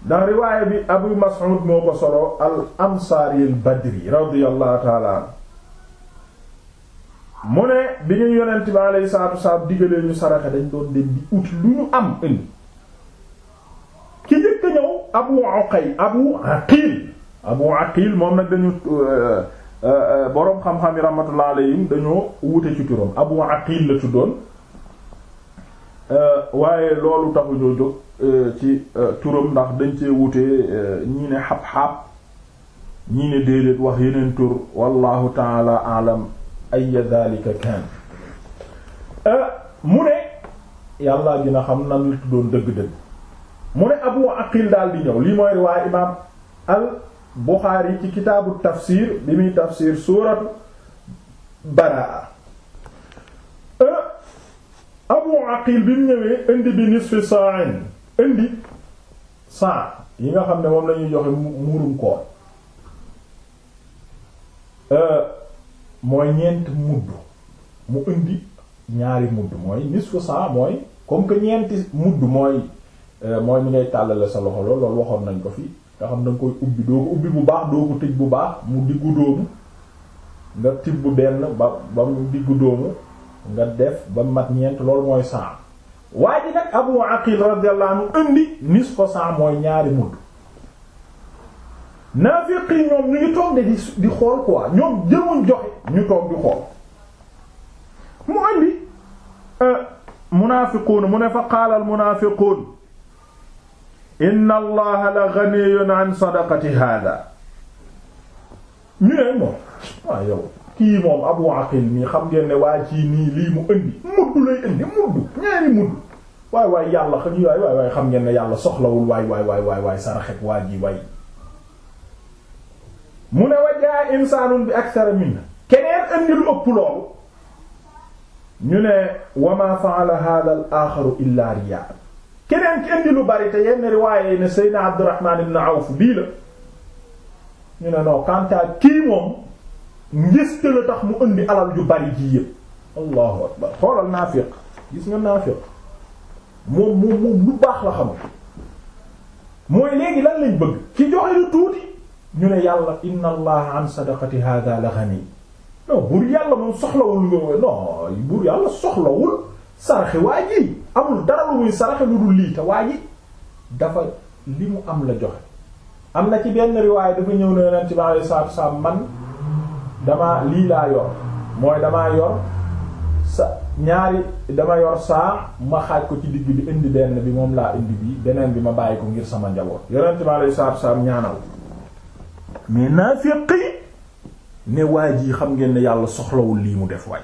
ndax riwaaya bi Abu Mas'ud moo ko solo al ansaari al badri radiyallahu ta'ala anhu mu ne bi ñu yonent bi alayhi salaatu wasalaam digalee ñu saraxe dañ doon dem di ut lu ñu am indi ki njëkk ñëw Abu Uqay Abu Aqil Abu Aqil moom nag dañu euh, euh, boroom xam-xam yi rahmatullah dañoo wute ci turam Abu Aqil la tuddoon euh, waaye loolu taxu ci turam ndax dañ cee wute ñii ne xab-xaab ñii ne déedéet wax yeneen tur wallahu taala alam ay daalika kaan euh, mu ne yàlla dina xam na la tuddoon dëgg-dëgg mu ne abu aqil daal di ñëw lii mooy riwaay imaam al buxaari ci kitaabu tafsir bi muy tafsir suuratu baraa euh, abu aqil bi mu ñëwee indi bi nisfi sa'in indi saa yi nga xam ne moom lañuy ñuy joxe muurum koor euh, mooy ñeent mudd mu indi ñaari mudd mooy nisfu saa mooy comme que ñeenti mudd mooy euh, mooy mi ngay tàllale sa loxo lool loolu waxoon nañ ko fi nga xam da koy ubbi doo ko ubbi bu baax doo ko tëj bu baax mu diggu doomu nga tibb benn ba ba mu diggu doomu nga def ba mat ñeent loolu mooy saa waaye ji nag Abu Aqil radiyallahu anhu indi nisfu saa mooy ñaari mudd naafiq yi ñoom ñu ngi toog de di di xool quoi ñoom jëmuñ joxe ñu toog di xool mu euh, andi munaafiquun mu ne fa qaala al munaafiquun inna allaha la ghaniyyun an sadaqati haadaa ñu ne moom waaw ah, yow kii moom abu aqil nii xam ngeen waa ci nii lii mu indi mudd lay indi mudd ñaari mudd waay waay yàlla waay waay waay xam ngeen ne yàlla soxlawul waay waay waay waay waay saraxek waa ji waay mu ne wajaa insaanun bi akthara minna keneen andi lu ëpp loolu ñu ne wa ma fa'ala hadha al-akharu illa riyaa keneen ci andi lu bari te yenn riwaaye yi ne Seydina Abdurrahman ibn Awf bii la ñu ne non quant à kii moom ngiste la tax mu andi alal ju bari ji yëpp allahu akbar xoolal naafiq gis nga naafiq moom moom moom lu baax la xam mooy léegi lan lañ bëgg ci joxe lu tuuti ñu ne yàlla inna allaha an sadaqati hadha la ghani non buur yàlla moom soxlawul nga non buur yàlla soxlawul saraxe waa ji amul dara lu muy saraxe lu dul lii te waa ji dafa li mu am la joxe am na ci benn riwaay dafa ñëw ne yonent bi alayhi salaatu wasalaam man damaa lii laa yor mooy damaa yor sa ñaari dama yor saa ma xaaj ko ci digg bi indi benn bi moom laa indi bi beneen bi ma bàyyi ko ngir sama njaboot yonent bi alayhi salaatu wasalaam mais naafiq yi ne waa ji xam ngeen yàlla soxlawul lii mu def waay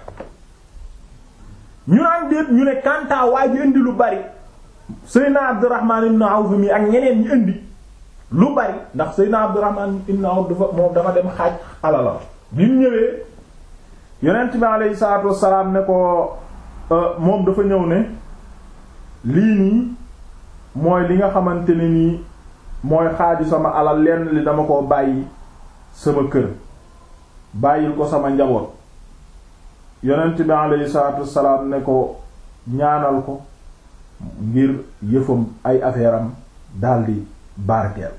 ñu naan déet ñu ne kantaa waa ji indi lu bari Seydina Abdurrahman ibn Awf mi ak ñeneen ñi indi lu bari ndax Seydina Abdurrahman ibn Awf dafa moom dafa dem xaaj alalam bi mu ñëwee yonent bi aleyhi salaatu wassalaam ne ko euh, moom dafa ñëw ne lii nii mooy li nga xamante ne nii mooy xaaju sama alal lenn li dama koo bàyyi sama kër bàyyil ko sama njaboot yonent bi alayhi salaatu wassalaam ne ko ñaanal ko ngir yëfam ay affaire am daldi barkeel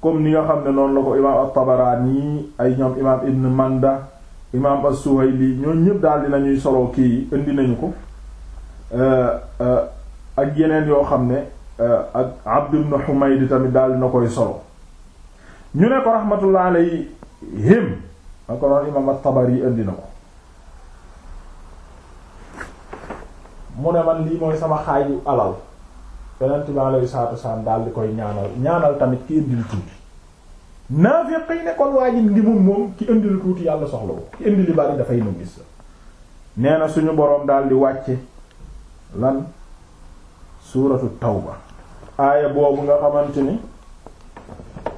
comme ni nga xam ne noonu la ko imaam at-Tabaraani ay ñoom imaam Ibn Manda imaam as-Suhayli ñoo ñëpp daldi nañuy solo kii indi nañu ko euh, euh, ak yeneen yoo xam ne euh, ak Abd ibn Humayd tamit daldi na koy solo ñu ne ko rahmatullah alayhim na ko noonu imaam at-Tabari indi na ko mu ne man lii mooy sama xaayu alal yonent bi alayhi salaatu wasalaam daal di koy ñaanal ñaanal tamit ki indil tuuti naafiqi ne kon waa ji limum moom ki indil tuuti yàlla soxla ko ki indil li bari dafay nu gis nee na suñu boroom daal di wàcce lan suuratu tawba aaya boobu nga xamante ni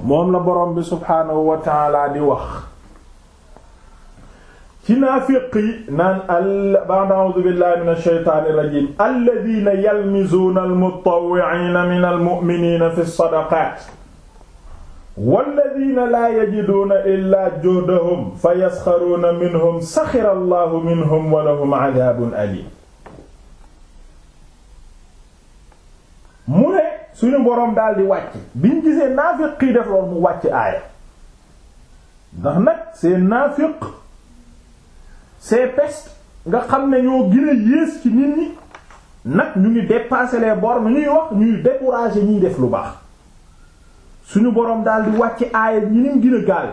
moom la borom bi subhaanahu wa taala di wax ci naafiq yi naan ba'da a'uudu billahi min ash-shaytaani rajiim alladhiina yalmizuuna al-mutawwi'iina min al-mu'miniina fi as-sadaqaat walladhiina laa yajiduuna illaa juhdahum fayaskharuuna minhum sakhira Allahu minhum wa lahum 'adhaabun aliim mu ne suñu boroom daal di wàcc biñ gisee naafiq yi def lool mu wàcc aaya ndax nag ces naafiq ces pestes nga xam ne ñoo gën a yées ci nit ñi nag ñu ngi dépasser les bornes ñuy wax ñuy décourager ñuy def lu baax suñu boroom daal di wàcc aaya ñi nim gën a gaal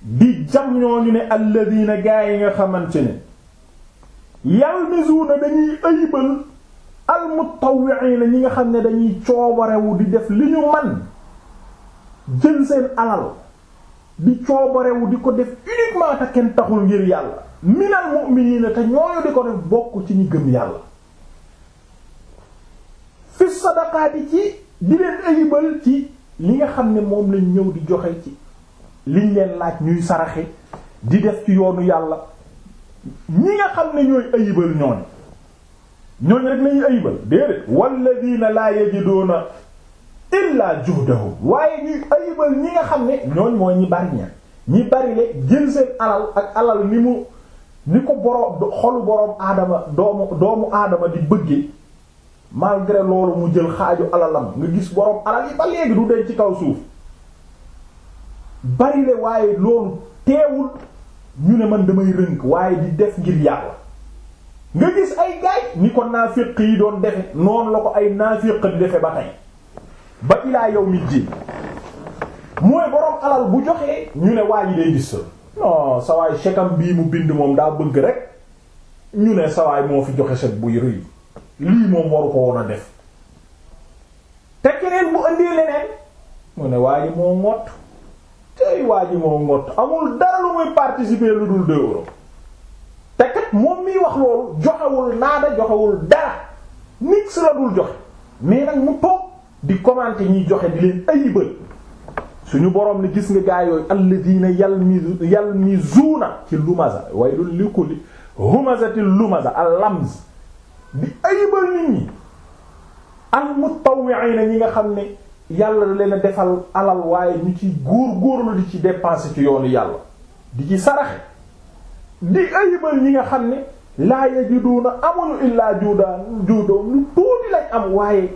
di jam ñooñu ne alladina gaa yi nga xamante ne yalmizuna dañuy ëybal almutawwi'ina ñi nga xam ne dañuy coobarewu di def li ñu man jël seen alal di coobarewu di ko def uniquement te kenn taxul ngir yàlla minal mu'minina te ñooñu di ko def bokk ci ñi gëm yàlla fi sadaqaati ci di leen ayibal ci li nga xam ne moom lañ ñëw di joxe ci liñ leen laaj ñuy saraxe di def ci yoonu yàlla ñi nga xam ne ñooy ayibal ñoon ñooñu rek lañuy ayibal déedéet walladina laa yajiduuna illaa juhdahum waaye ñuy ayibal ñi nga xam ne ñooñ mooy ñi bari ñi bari le jël seen alal ak alal ni mu ni ko boroom xolu boroom aadama doomu doomu aadama di bëgge malgré loolu mu jël xaaju alalam nga gis boroom alal yi ba léegi du denc ci kaw suuf bari le waaye loolu teewul ñu ne man damay rënk waaye di def ngir yàlla nga gis ay gaay ni ko naafiq yi doon defe noonu la ko ay naafiq di defe ba tey ba ilaa yawmi diin mooy boroom alal bu joxee ñu ne waa ji day gis sa non sa waay bii mu bind moom daa bëgg rek ñu ne sa waay moo fi joxe set buy rëy lii moom waru ko woon a def te keneen bu ëndee leneen mu ne waa moo ngott tey waa ji moo ngott amul dara lu muy participer lu dul deux te kat moom miy wax loolu joxewul naada joxewul dara nit la dul joxe mais nag mu toog di commenter ñuy joxe di leen ayibal suñu boroom ne gis nga gaa yooyu alladina yalmi yalmizuuna ci lumaza waylul li kulli humazati luma al-lamz di ayibal nit ñi al mutawwi'ina ñi nga xam ne yàlla da leen a defal alal waaye ñu ci góor góorlu di ci dépenser ci yoonu yàlla di ci saraxe di ayibal ñi nga xam ne laa yajiduuna amuñu illaa juudaan juudoom lu tuuti lañ am waaye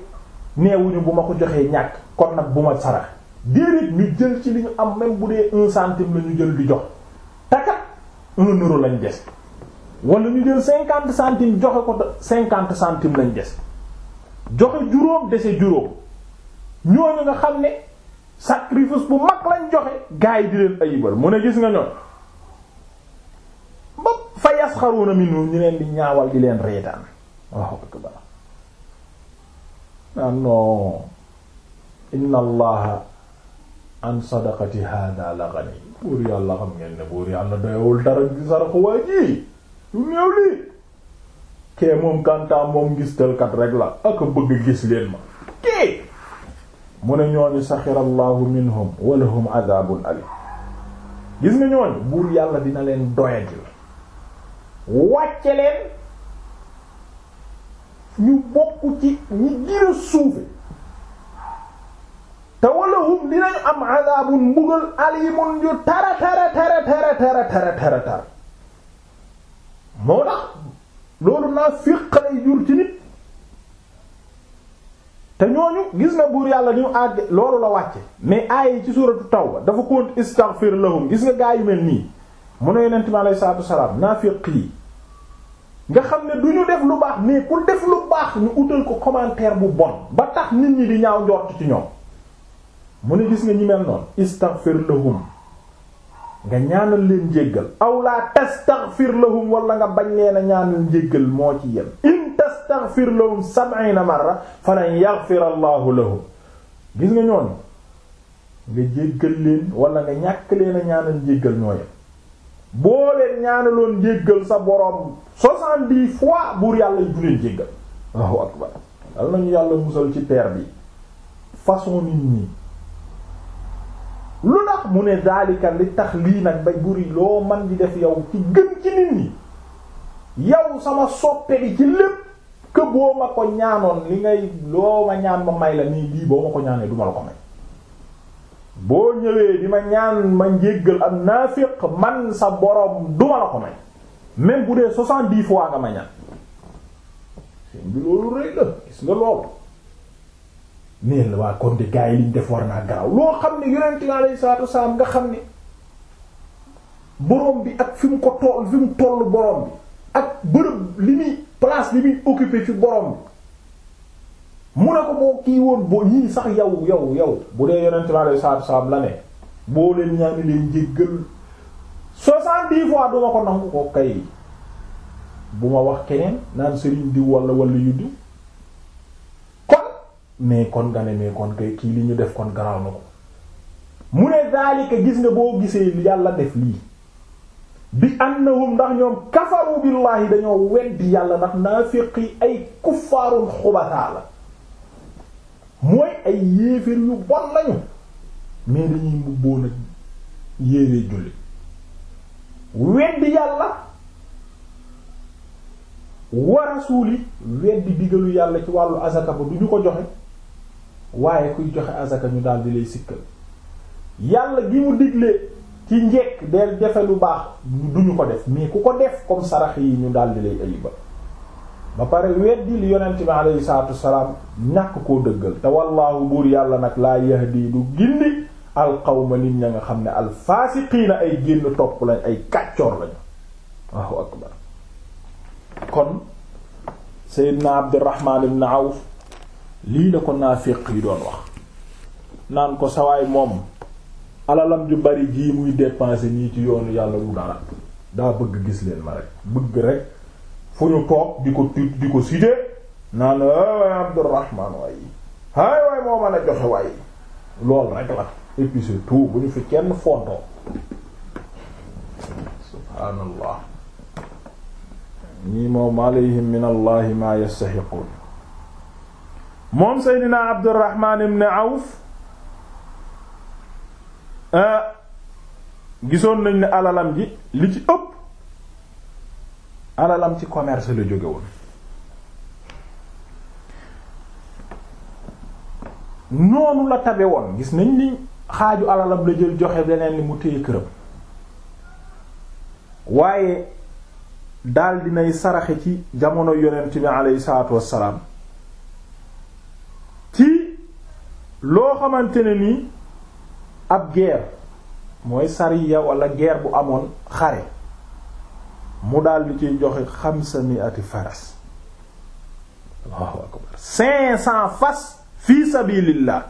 neewuñu bu ma ko joxee ñàkk kon nag bu ma sarax déedéet ñu jël ci li ñu am même bu dee un centime la ñu jël di jox takat un nuru lañ des wala ñu jël cinquante centimes joxe ko cinquante centimes lañ des joxe juróom dese juróom ñooñu nga xam ne sacrifice bu mag lañ joxe gars yi di leen ayibal mu ne gis nga ñoon fa yasxaruuna minhum ñu leen di ñaawal di leen reetaan waaw akbar naan non inna allaha an sadaqati hada la ghani buur yàlla xam ngeen ne buur yàlla doyowul dara gi saraxu waa ji lu néew lii kee moom kantaa moom gis tëlkat rek la ak bëgg gis leen ma kee mu ne ñooñu saxira allahu minhum walahum adabun alim gis nga ñooñu buur yàlla dina leen doyadi la wàcce leen ñu bokk ci ñi gën a te wala hum dinañ am adabun mbugal alimun yu tara tara tara tara tara tara tara tara moo tax loolu naa fiq lay jur ci nit te ñooñu gis na buur yàlla ñu àgg loolu la wàcce mais aaya ci suuratu tawba dafa kont istaghfir lahum gis nga gaa yu mel nii mu ne yonent mi alayhi salaatu wa yi nga xam ne du ñu def lu baax mais ku def lu baax ñu utal ko commentaire bu bon ba tax nit ñi di ñaaw njort ci ñoom mu ne gis nga ñi mel noonu istaghfir lahum nga ñaanal leen jéggal aw laa tastaghfir lahum wala nga bañ leen a ñaanal jéggal moo ci yem in tastaghfir lahum sab'ina marra falan yaghfir allahu lahum gis nga ñooñu nga jéggal leen wala nga ñàkk leen a ñaanal jéggal ñoo yem boo leen ñaanaloon jéggal sa boroom soixante-dix fois buur yàlla du leen jéggal waaw akbar dal nañu yàlla musal ci peer bi façon nit ñi lu nax mu ne daalika li tax lii nag ba yi loo man di def yow ci gën ci nit ñi yow sama soppe bi ci lépp que boo ma ko ñaanoon li ngay loo ma ñaan ma may la nii lii boo ma ko ñaanee duma la ko may boo ñëwee di ma ñaan ma njéggal am naafiq man sa borom duma la ko may même bu dee soixante-dix fois nga ma ñaan seen bi loolu rëy la gis nga loolu neen la waa kon yi liñ def war naa gaaw loo xam ne yonent bi alayhi salaatu wasalaam nga xam ne borom bi ak fi mu ko toll fi mu toll borom bi ak bërëb li muy place li muy occupé fi borom bi mu ne ko moo kii woon boo yii sax yow yow yow bu dee yonent ma lay saab saab la ne boo leen ñaani leen jéggal soixante-dix fois duma ko nangu ko kay bu ma wax keneen naan sëriñ diw walla walla yu diw kon mais kon nga ne mais kon kay kii li ñu def kon garaaw na ko mu ne daalika gis nga boo gisee yàlla def lii bi annahum ndax ñoom kafaru billahi dañoo weddi yàlla ndax naafiqi ay kufaarun xubataa la mooy ay yéeféer yu bon lañu mais dañuy mbubboo nag yéere julli weddi yàlla warasuuli weddi digalu yàlla ci wàllu azaka ba du ko joxe waaye kuy joxe azaka ñu daal di lay sikkal yàlla gi mu digle ci njekk de defe lu baax duñu ko def mais ku ko def comme sarax yi ñu daal di lay ayiba ba pare weddil yonent bi alayhi salaatu salaam ñàkk ko dëggal te wallaahu buur yàlla nag laa yahdi du gindi alqawma nit ña nga xam ne na ay génn topp lañ ay kàccoor lañu waaw akbar kon seydna abdirahman ibn awf lii la ko naafiq yi doon wax naan ko sawaay moom alalam ju bari jii muy dépenser nii ci yoonu yàlla wu dara daa bëgg gis leen ma rek bëgg rek fu ñu toog di ko di naan hay waay moo mën a joxe waay lool rek la et puis surtout bu ñu fi kenn fontoo subhaanallah ñii moom alayhim min allahi maa yastaxiqun moom seydina Abdurrahman ibn Awf ah, gisoon nañ ne alalam ji li ci ëpp alalam ci commerce la jóge woon noonu la tabe woon gis nañ ni xaaju alalam la jël joxe beneen li mu téye këram waaye daal dinay saraxe ci jamono yonent bi aleyhi ci loo xamante ne ni ab guerre mooy sariya wala guerre bu amoon xare mu daal ci ciy joxe xamsa miati faras allahu akbar cent fas fi sabilillah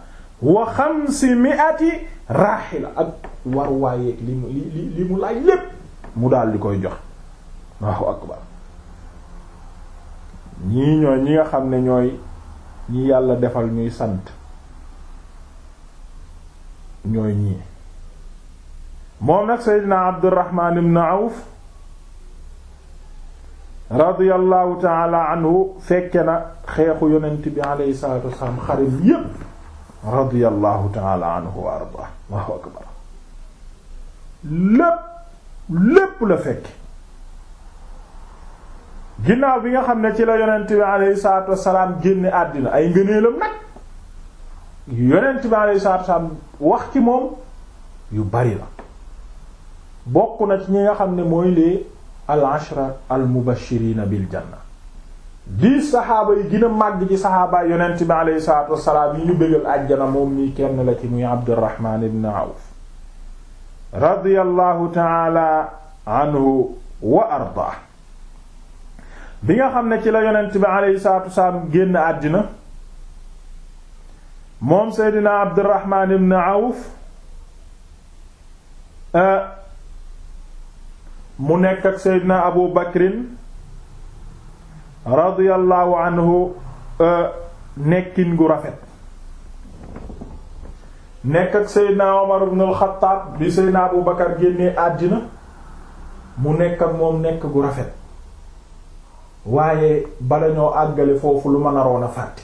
wa xamsi miati raxila ak war waayeeg li mu li li mu laaj lépp mu daal koy jox allahu akbar ñii ñooy ñi nga xam ne ñooy ñi yàlla defal ñuy sant ñooy ñii moom nag seydina abdurrahman ibn auf radiyallahu taala anhu fekke na xeexu yonent bi alayhi salatu wasalaam xarim yépp radiyallahu taala anhu wa arda lépp lépp la fekke ginnaaw bi nga xam ne ci la yonent bi alayhi salatu wasalaam génne àddina ay ngëneelam nag yonent bi alayhi salatu wasalaam wax ci moom yu bari la bokk na ci ñi nga xam ne mooy lee al ashra al mubashirina bil janna dix saxaaba yi gën a màgg ci saxaaba yonent bi aleyhi salaatu wassalaam yi ñu bégal àjjana moom nii kenn la ci muy abdurrahman ibn awf radiyallahu taala anhu wa arda bi nga xam ne ci la yonent bi aleyhi salaatu wassalaam génn àddina moom seydina abdurrahman ibn awf eh, mu nekk ak seydina abu bakrin radiyallahu anhu euh, nekkin gu rafet nekk ak seydina omar ibn al bi seydina abu bakar génnee àddina mu nekk ak moom nekk gu rafet waaye bala ñoo àggale foofu lu ma naroon a fàtte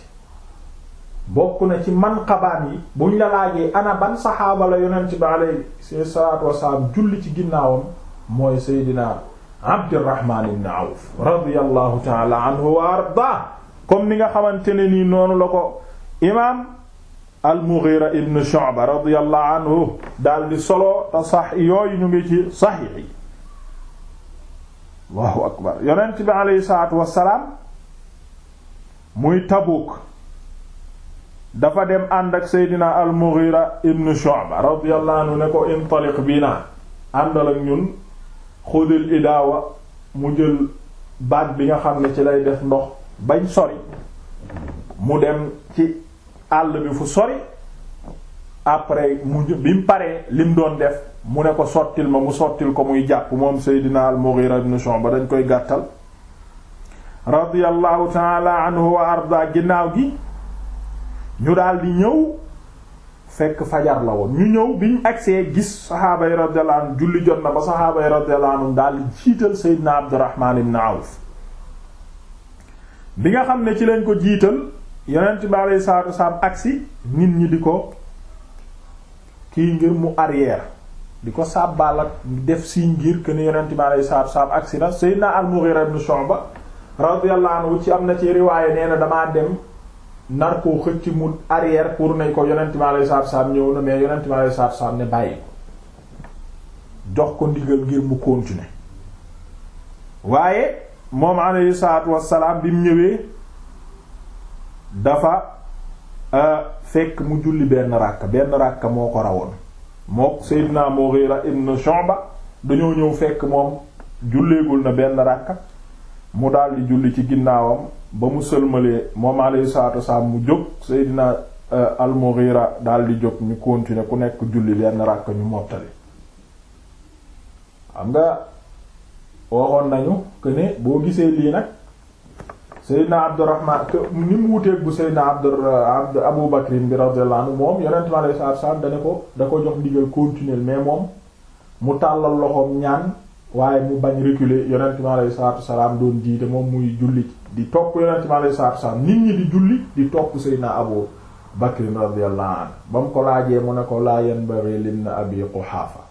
bokk na ci man xabaan yi buñ la laajee ban saxaaba la yonent bi alayhi salaatu wasalaam julli ci ginnaawam mooy Seydina Abdurrahman ibn Awf radiyallahu taala anhu wa arda comme ni nga xamante ne nii noonu la ko imaam al-Mughira ibn Shu'ba radiyallahu anhu daal di solo te sax yooyu ñu ci saxiix yi Allahu akbar yonent bi aleyhi salaatu wassalaam muy Tabuk dafa dem ànd ak Seydina al-Mughira ibn Shu'ba radiyallahu anhu ne ko intaliq bina àndal ñun xudil idaawa mu jël baat bi nga xam ne ci lay def ndox bañ sori mu dem ci àll bi fu sori après mu bi mu paree li mu doon def mu ne ko sottil ma mu sottil ko muy jàpp moom Seydina al-Mughira ibn Shu'ba dañ koy gàttal radiyallahu ta'ala anhu wa arda ginnaaw gi ñu daal di ñëw fekk fajar la woon ñu ñëw bi ñu agsee gis saxaaba yi radiyallahu julli jot na ba saxaaba yi radiyallahu anhum daal di jiital Seydina ibn Awf bi nga xam ne ci lañ ko jiital yonent bi alayhi salaatu wasalaam agsi nit ñi di ko kii ngir mu arrière di ko sàbbaal ak def si ngir que ni yonent bi alayhi salaatu agsi na Seydina al-Mughira ibn Shu'ba radiyallahu ci am na ci riwaaye nee na damaa dem nar koo xëcc mu arrière pour nañ ko yonent mi alayhi salaatu salaam ñëw na mais yonent mi alayhi salaatu salaam ne bàyyi jox ko ndigal ngir mu continuer waaye moom alayhi salaatu wassalaam bi mu ñëwee dafa euh, fekk mu julli benn ràkk benn ràkk moo ko rawoon moo Seydina Mughira ibn Shu'ba dañoo ñëw fekk moom julleegul na benn ràkk mu daldi julli ci ginnaawam ba mu sëlmalee moom alayhi salaatu wasalaam mu jóg Seydina euh, al-Mughira daal di jóg ñu continuer ku nekk julli benn ràkk ñu mottali xam nga waxoon nañu que boo gisee lii nag Seydina Abdurrahman que ni mu wuteeg bu Seydina Abdur Abd Abu Bakrin bi radiyallahu moom yonent mi alayhi salaatu ko da ko jox ndigal continuer mais moom mu tàllal loxoom ñaan. waaye mu bañ reculer yonent mi alayhi salaatu salaam doon jiite moom muy julli di topp yonent mi alayhi salaatu salaam nit ñi di julli di topp Seydina Abu Bakr radiyallahu anhu ba mu ko laajee mu ne ko laa yanbaghi libni Abi Quhaafa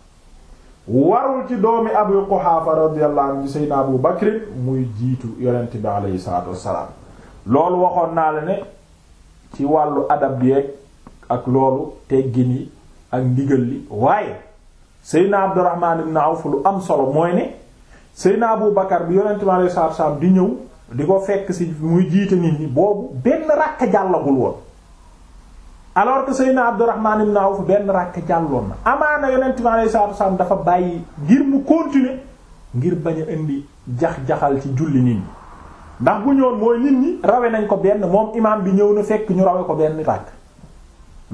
warul ci doomi Abi Quhaafa radiyallahu anhu Seydina Abu Bakr muy jiitu yonent bi alayhi salaatu salaam loolu waxoon naa la ne ci wàllu adab yeeg ak loolu teggin yi ak ndigal li waaye Seydina naa ibn Awf lu am solo mooy ne Seydina Abu Bakar bi yonent mi alayhi salaatu di ñëw di ko fekk si muy jiite nit ñi boobu benn ràkk jàllagul woon alors que Seydina Abdurrahman ibn fu benn ràkk jàlloon na amaana yonent mi alayhi dafa bàyyi ngir mu continuer ngir bañ a indi jax-jaxal ci julli nit ñi ndax bu ñëwoon mooy nit ñi rawe nañ ko benn moom imaam bi ñëw na fekk ñu rawe ko benn ràkk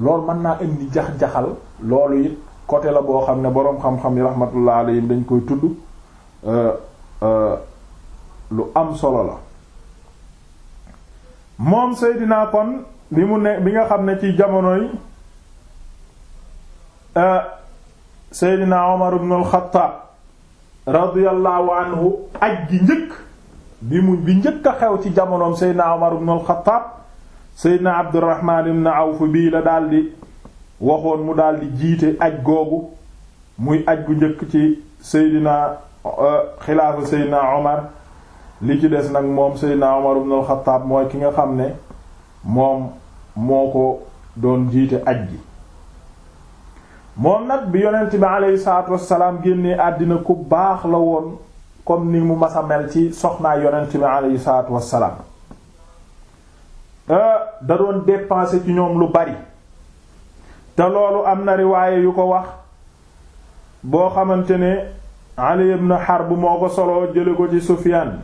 loolu mën naa indi jax-jaxal loolu côté la boo xam ne boroom xam-xam yi rahmatullah alayhim dañ koy tudd euh, euh, lu am solo la moom Seydina kon bi mu ne bi nga xam ne ci jamono yi euh, Seydina Omar ibn al-Khattab anhu aj gi njëkk bi mu bi njëkk a xew ci jamonoom Seydina Omar ibn al-Khattab Seydina Abdurrahman ibn Awf bii la daldi waxoon mu daldi jiite aj googu muy aj bu njëkk ci seydina euh, xilaafa seydina omar li ci des nag moom seydina omar ibn al mooy ki nga xam ne moom moo ko doon jiite aj gi moom nag bi yonent bi aleyhi salaatu wassalaam génnee àddina ku baax la woon comme ni mu masa ci soxnaa yonent bi aleyhi salaatu wassalaam euh, da doon dépenser ci ñoom lu bari te loolu am na riwaaye yu ko wax boo xamante ne Ali ibn Harb moo ko soloo jële ko ci Sufyaan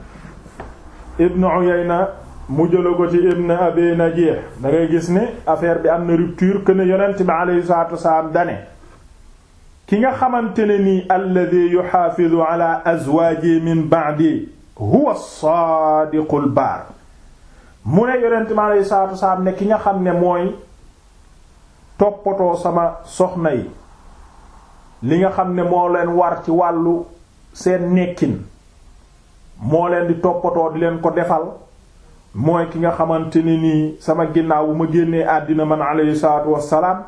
ibn Uyayna mu jële ko ci ibn Abi Najiih da ngay gis ni affaire bi am na rupture que ne yonent bi aleyhi salaatu wasalaam dane ki nga xamante ne nii alladhi yuhaafizu ala azwaaji salaatu wasalaam ne ki nga xam ne mooy toppatoo sama soxna yi li nga xam ne moo leen war ci wàllu seen nekkin moo leen di toppatoo di leen ko defal mooy ki nga xamante ni nii sama ginnaaw bu ma génnee àddina man alayhi salaatu wassalaam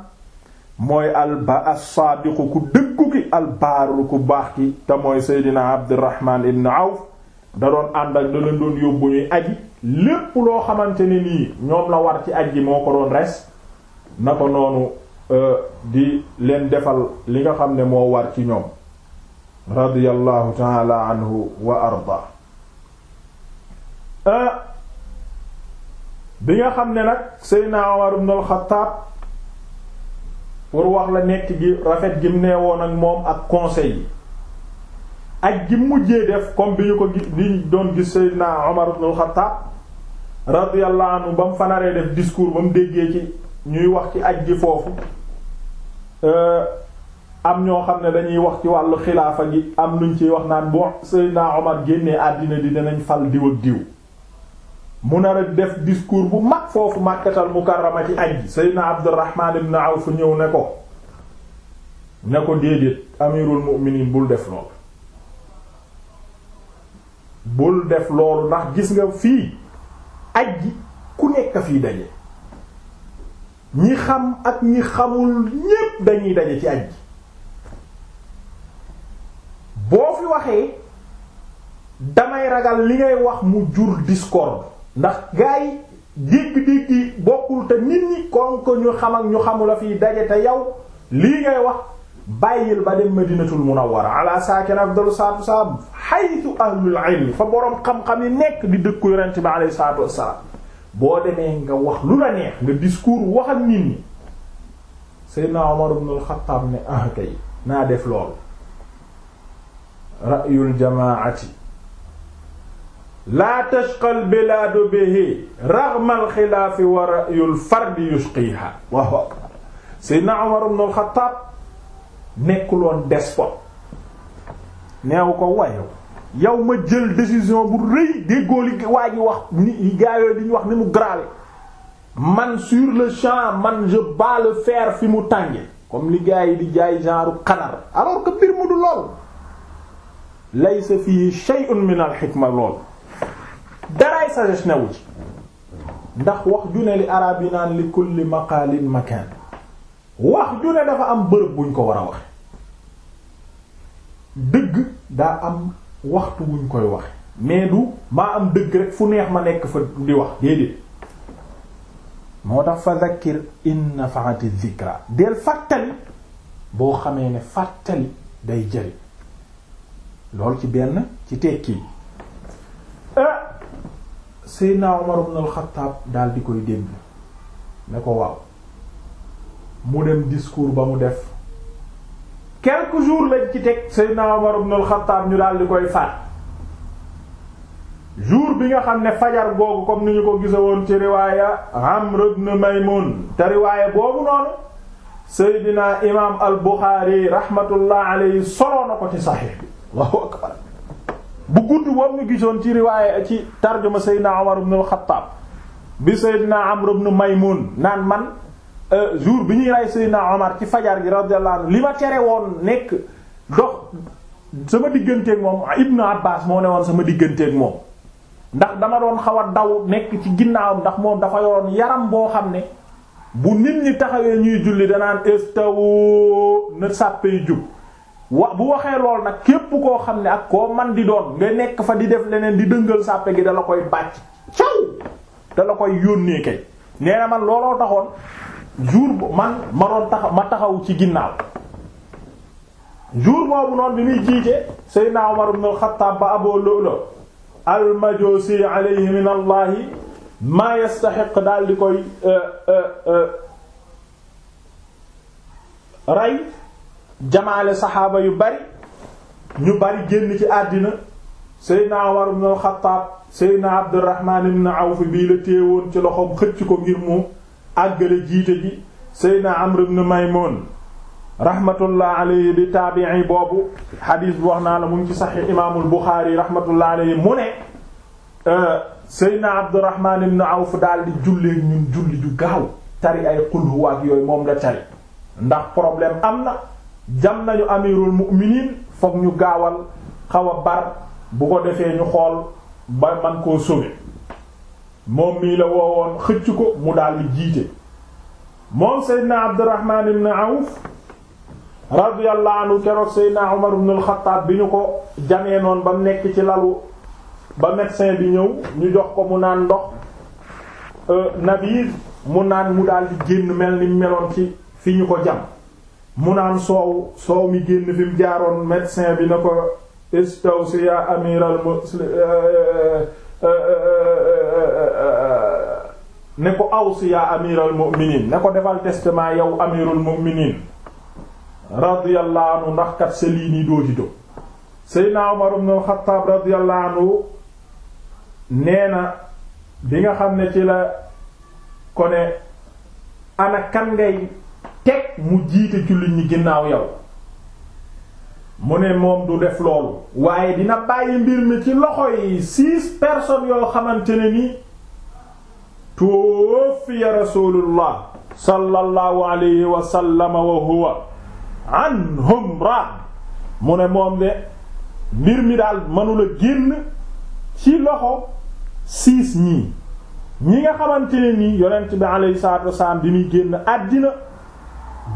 mooy alba as ku dëggu ki albaaru ku baax ki te mooy seydina abdirahman ibn awf da doon ànd ak da doon yóbbu ñuy aji lépp loo xamante ni nii ñoom la war ci aj gi moo ko doon res na ko noonu euh, di leen defal li nga xam ne moo war ci ñoom radiyallahu taala anhu wa arda euh, bi nga xam ne nag Seydina Umar ibn al-Khattab pour wax la nekk gi rafet gi mu nee woon ak moom ak conseil yi ak gi mujjee def comme bi ñu ko bi doon gis Seydina Umar ibn al-Khattab ba mu fanaree def discours ba mu déggee ci ñuy wax ci aj gi foofu euh, am ñoo xam ne dañuy wax ci wàllu xilaafa gi am nuñ ciy wax naan bu Seydina Omar génnee àddina di dinañ fal diw ak diw mu nar a def discours bu mag foofu Makkatal Mukarrama ci aj gi Seydina Abdurrahman ibn fu ñëw ne ko ne ko déedéet amirul mu'minin bul def lool bul def loolu ndax gis nga fii aj gi ku nekk fii daje ñi xam ak ñi xamul ñépp dañuy daje ci aj boo fi waxee damay ragal li ngay wax mu jur discorde ndax gaa yi dégg bokkul te nit ñi kon ko ñu xam ak ñu xamula fiy daje te yow li ngay wax bàyyil ba dem madinatul munawwara ala saakina afdalu salaatu wasalaam xaytu ahlul ilmi fa boroom xam-xam yi nekk di dëkku yonent bi alayhi salaatu wasalaam boo demee nga wax lu la neex nga discours wax ak nit ñi Seydina Omar ibn al-Khattab ne ah kay naa def loolu ra'yul jamaa'ati laa tashqal bilaadu bihi raghma al-khilaafi wa ra'yul fardi yushqiha Allahu akbar Seydina Omar ibn al-Khattab nekkuloon neew ko wayew yow ma jël décision bu rëy déggoo li waa ji wax ni gaa yooyu li wax ni mu grave man sur le champ man je bats fer fi mu tànge comme li di jaay genre xanar alors que mbir mu du lool laysa fii shay'un min al hikma lool daraay sagesse newu ci ndax wax ju ne li arab yi naan li kulli maqaalin makan wax ju ne dafa am bërëb buñ ko war a waxe dëgg daa am waxtu wuñ koy wax mais du maa am dëgg rek fu neex ma nekk fa di wax déedéet moo tax fa zakkir in nafaati zikra del fàttali boo xamee ne fàttali day jëriñ loolu ci benn ci tekki yi ah! Seydina Umar ibn al-Khattab daal di koy dégg ne ko waaw mu dem discours ba mu def quelques jour lañ ci teg Seydina Omar ibn al ñu daal koy faat jour bi nga xam ne fajar googu comme ni ñu ko gisa woon ci riwaaya Amr ibn Maymun te riwaaya boobu noonu Seydina imaam al-Bukhari rahmatullah alayhi soloo na ko ci saxiix bi Allahu akbar bu gudd boobu ñu gisoon ci riwaaya ci tarjuma Seydina Omar ibn al-Khattab bi Seydina Amr ibn Maymun naan man Euh, jour bi ñuy rey Seydina Omar ci fajar gi radiyallahu anhu li ma tere woon nekk dox sama digganteeg moom Ibnu Abbas moo ne woon sama digganteeg moom ndax dama doon xaw a daw nekk ci ginnaawam ndax moom dafa yoroon yaram boo xam ne bu nit ñi taxawee ñuy julli danaan istawu na sàppee jub wa bu waxee lool nag képp koo xam ne ak koo man di doon nga nekk fa di def leneen di dëngal sàppe gi dala koy bàcc caw dala koy yónnee kay nee man looloo taxoon jour bo man ma doon taxaw ma taxaw ci ginnaaw jour boobu noonu bi muy jiite Seydina Umar ibn al-Khattab ba Abu Lu'lu' al-Majusi alayhi min Allah maa daal di koy eh, eh, eh, rey jamaale saxaaba yu bari ñu bari génn ci àddina Seydina Umar ibn al-Khattab Seydina Abdurrahman ibn Awf bii la téewoon ci loxoom xëcc ko ngir moom àggale jiite ji seydna amr ibn maymun rahmatullah alayhi di taabi'i boobu xadiis bu wax naa la mu ngi ci saxi imaamul buxaari rahmatullah alayhi mu ne euh, seydna abdurrahman ibn awf daal di jullee ñun julli ju gaaw tari ay qul huwa ak yooyu moom la tari ndax problème am na jam nañu amirul mu'minin foog ñu gaawal xaw a bar bu ko defee ñu xool ba man koo sauver moom mii la woowoon xëcc ko mu daal di jiite moom seydna abdurahman ibn awf radiyallahu anhu keroog seydna umar ibn al-Khattab bi ñu ko jamee noon ba mu nekk ci lalu ba médecin bi ñëw ñu jox ko mu naan ndox euh, nabiir mu naan mu daal di génn mel ni meloon ci fi ñu ko jam mu naan soow soow mi génn fi mu jaaroon médecin bi na ko istawsi ya amiral muslim euh, Euh, euh, euh, ne ko awsi yaa amiral mu'minin ne ko defal testament yow amirul mu'minin radiyallahu anhu ndax kat sa lii nii doo ci jóg Seydina nee na bi nga xam ne ci la ko ne ana kan ngay teg mu jiite jullit ñi ginnaaw yow mu ne moom du def loolu waaye dina bàyyi mbir mi ci loxo yi six personnes yoo xamante ne ni tuwaffiya rasulullah sallallahu alayhi wa sallam wa huwa anhum raad mu ne moom de mbir mi daal mënula génn ci loxo six ñii ñi nga xamante ne nii yonent bi alayhi salaatu wasalaam di muy génn àddina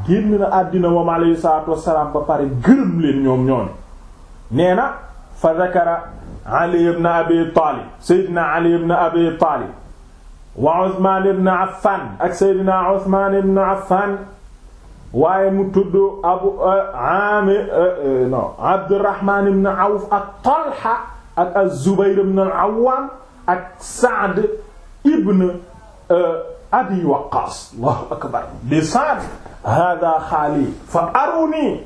génn na àddina moom alayhi salaatu wassalaam ba pare gërëm leen ñoom ñoon nee na fa zakara ali ibn abi taalib seydina ali ibn abi taalib wa usmaan ibn affan ak seydina usmaan ibn affan waaye mu tudd abu euh, amir euh, non abdurrahman ibn awf ak talha ak az-zubayr ibn al-awwam ak saad ibn euh, abi waqaas allahu akbar bi saad hada xaali fa aruni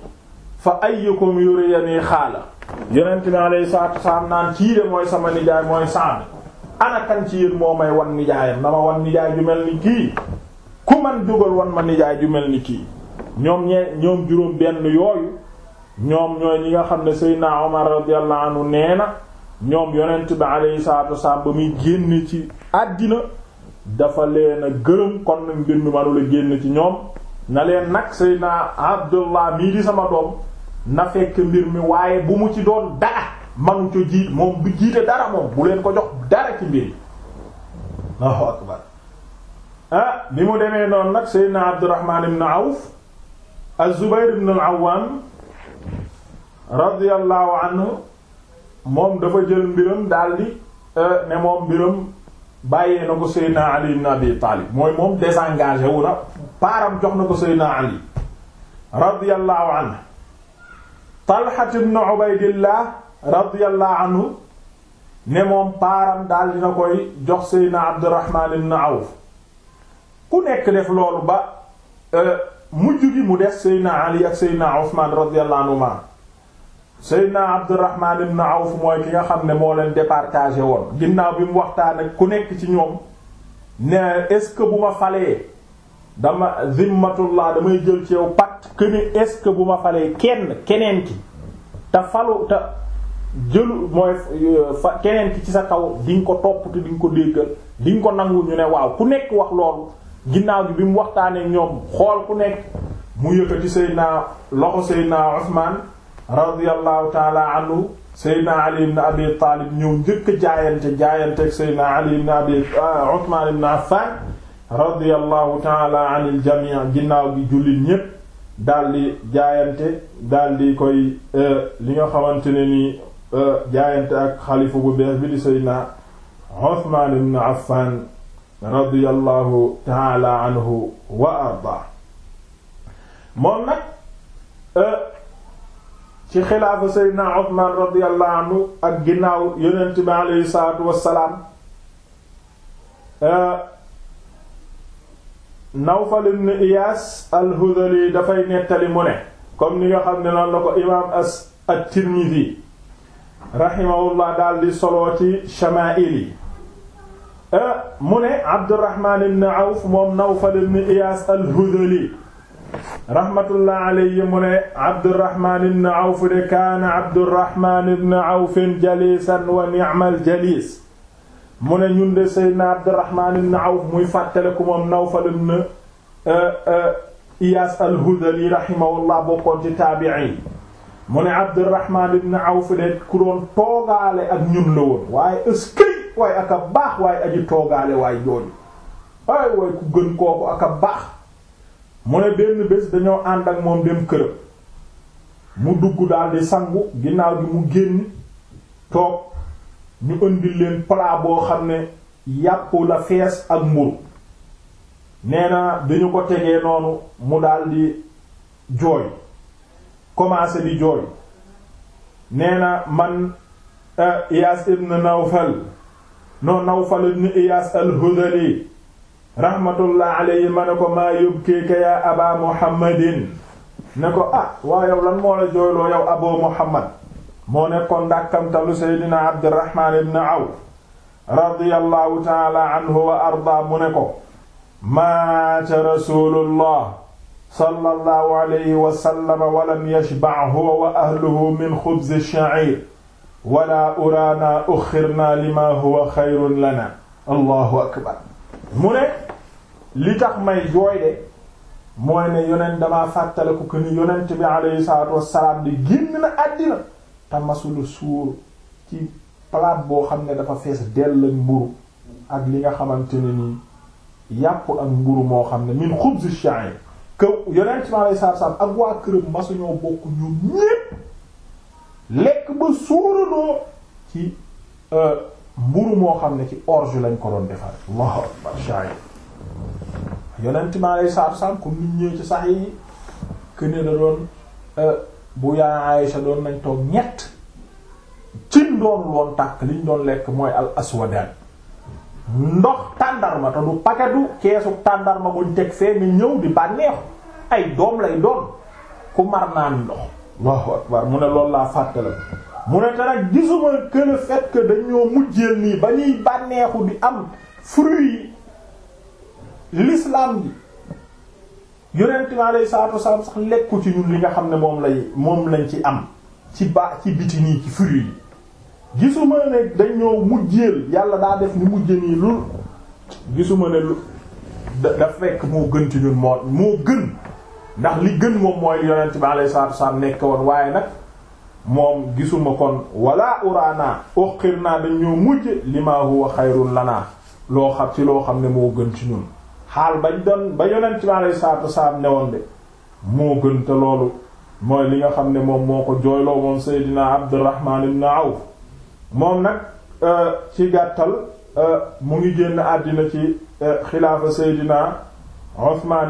fa ayyukum yuriyani xaala yonent bi salaatu wasalaam naan kii mooy sama nijaay mooy saad ana kan ci yéen moo may wan nijaayam na ma wan nijaay ju mel ni kii ku man jógal wan ma nijaay ju mel ni kii ñoom ñee ñoom juróom benn yooyu ñoom ñooy ñi nga xam ne Seydina Omar radiyallahu u nee na ñoom yonent bi alayhi salaatu wasalaam ba muy génn ci àddina dafa leen gërëm kon nag mbir mi manula génn ci ñoom na leen nag Seydina Abdullah mii di sama doom na fekk mbir mi waaye bu mu ci doon dara manu co jiit moom bu jiite dara moom bu leen ko jox dara ci mbir yi Allahu akbar ah bi mu demee noon nag Seydina Abdurrahman ibn Awf az-Zubayr ibn al-Awwam radiyallahu anhu moom dafa jël mbiram daldi eh, ne moom mbiram bàyyee na ko Seydina Ali ibn Abi Talib mooy moom désengagé wu na paaram jox na ko Seydina Ali radiyallahu anhu Talha ibn Ubaydillah radiyallahu anhu ne moom paaram daal dina koy jox Seydina Abdurrahman ibn Awf ku nekk def loolu ba euh, mujj gi mu des Seydina Ali ak Seydina Usman radiyallahu anhuma Seydina Abdurrahman ibn Awf mooy ki nga xam ne moo leen départagé woon ginnaaw bi mu waxtaan ku nekk ci ñoom ne est-ce que bu ma falee dama zimmatullah damay jël ci yow pat que ni est-ce que bu ma falee kenn keneen ki te falu te jëlu mooy fa keneen ki ci sa kaw di nga ko topp te di nga ko déggal di nga ko nangu ñu ne waaw ku nekk wax loolu ginnaaw bi mu waxtaanee ñoom xool ku nekk mu yëkkati Seydina loxo Seydina Usman radiyallahu taala anhu seydna ali ibn abi taalib ñëw njëkk jaayante jaayanteeg seydna ali ibn abi ah, uthman ibn affan radiyallahu taala an il jamii ginnaaw gi jullit ñépp daldi jaayante daldi koy eh, li nga xamante ne ni eh, jaayante ak xalifa bu bees bi di seydna uthman ibn affan radiyallahu taala anhu wa arda moom nag eh, ci xilaafa seydina Uthman radiyallahu anhu ak ginnaaw yonent bi aleyhi salaatu wassalaam euh, Nawfal ibn Iyaas al-Hudhali dafay nettali mu ne comme ni nga xam ne noonu la ko imaam as at-Tirmidhi rahimahullah daal di soloo ci shamaa'il yi euh, mu ne Abdurrahman ibn Awf moom Nawfal ibn Iyaas al-Hudhali rahmatullah alayhi mu ne abdurrahman ibn awf de kaana abdurrahman ibn awfin jalisan wa ni'mal jalis mu ne ñun de seydna abdurrahman ibn awf muy fàttaleku moom nawfal ibn euh, euh, iyaas al-hudali rahimahullah bokkoon ci taabi'i mu ne abdurrahman ibn awf de ku doon toogaale ak ñun la woon waaye ëskëy waaye ak a baax waaye aji toogaale waaye jooju waaye waaye ku gën kooku ak a baax mu ne benn bés dañoo ànd ak moom dem këram mu dugg daldi sangu ginnaaw bi mu génn toog ñu indi leen plat boo xam ne yàpp la fees ak mburu nee na dañu ko tegee noonu mu daldi jooy commencé di jooy nee na man eh, Iyaas ibn Nawfal non Nawfal ibn Iyaas al-Hudali rahmatullah alayhi ma ne ko maa yubkiika yaa aba muhammadin ne ko ah waa yow lan moo la jooyloo yow abo muhammad moo nekkoon ndàkkamtalu seydina abdirahman ibn awf radiyallahu taala anhu wa arda mu ne ko maata rasulullah sallallahu alayhi wa sallam walam yashba' huwa wa ahluhu min xubz ash-sha'ir wala uraana uxirna lima huwa xayrun lana allahu akbar mu ne li tax may jooy de mooy ne yonent damaa fàttaliku ko ni yonent bi alayhi salaatu wassalaam di génn na àddina te masula suur ci palaat boo xam ne dafa fees dell ak mburu ak li nga xamante ne nii yàpp ak mburu moo xam ne min xubz sha'ir que yonent bi ak waa këram masuñoo bokk ñoom ñépp lekk ba suuraloo ci euh, mburu moo xam ne ci orge lañ ko doon defar allahu akbar sha'ir yonent mi alayhi salaatu salaam comme ni ñëw ci sax yi këne da doon euh, bu yaay Aysa doon nañ toog ñett cin doonul woon tàkk liñ doon lekk mooy al aswadaan ndox tàndarma te du paketu keesu tàndarma buñ teg fee mi ñëw di bànneexu ay doom lay doon ku mar naan ndox allahu akbar mu ne loolu laa fàttale mu ne te nag gisuma que le fait dañoo mujjeel nii ba ñuy bànneexu di am fruit l'islam bi yonent mi alayhi salaatu wasalaam sax lekku ci ñun li nga xam ne moom lay moom lañ ci am ci baa ci biti nii ci fruit yi gisuma ne dañoo mujjeel yàlla daa def ni mujj nii lul gisuma ne lu da fekk moo gën ci ñun moo gën ndax li gën moom mooy yonent bi alayhi salaatu wasalaam nekk woon waaye nag moom gisuma kon wala uraana uqir naa dañoo mujj lima huwa xayrun lana loo xam ci loo xam ne moo gën ci ñun xaal bañ doon ba yonent bi alayhi salaatu wasalaam newoon de moo gën te loolu mooy li nga xam ne moom moo ko jooyloo moom Seydina Abdurrahman ibn Awf moom nag euh, ci gàttal euh, mu ngi génn àddina ci euh, xilaafa Seydina Uthman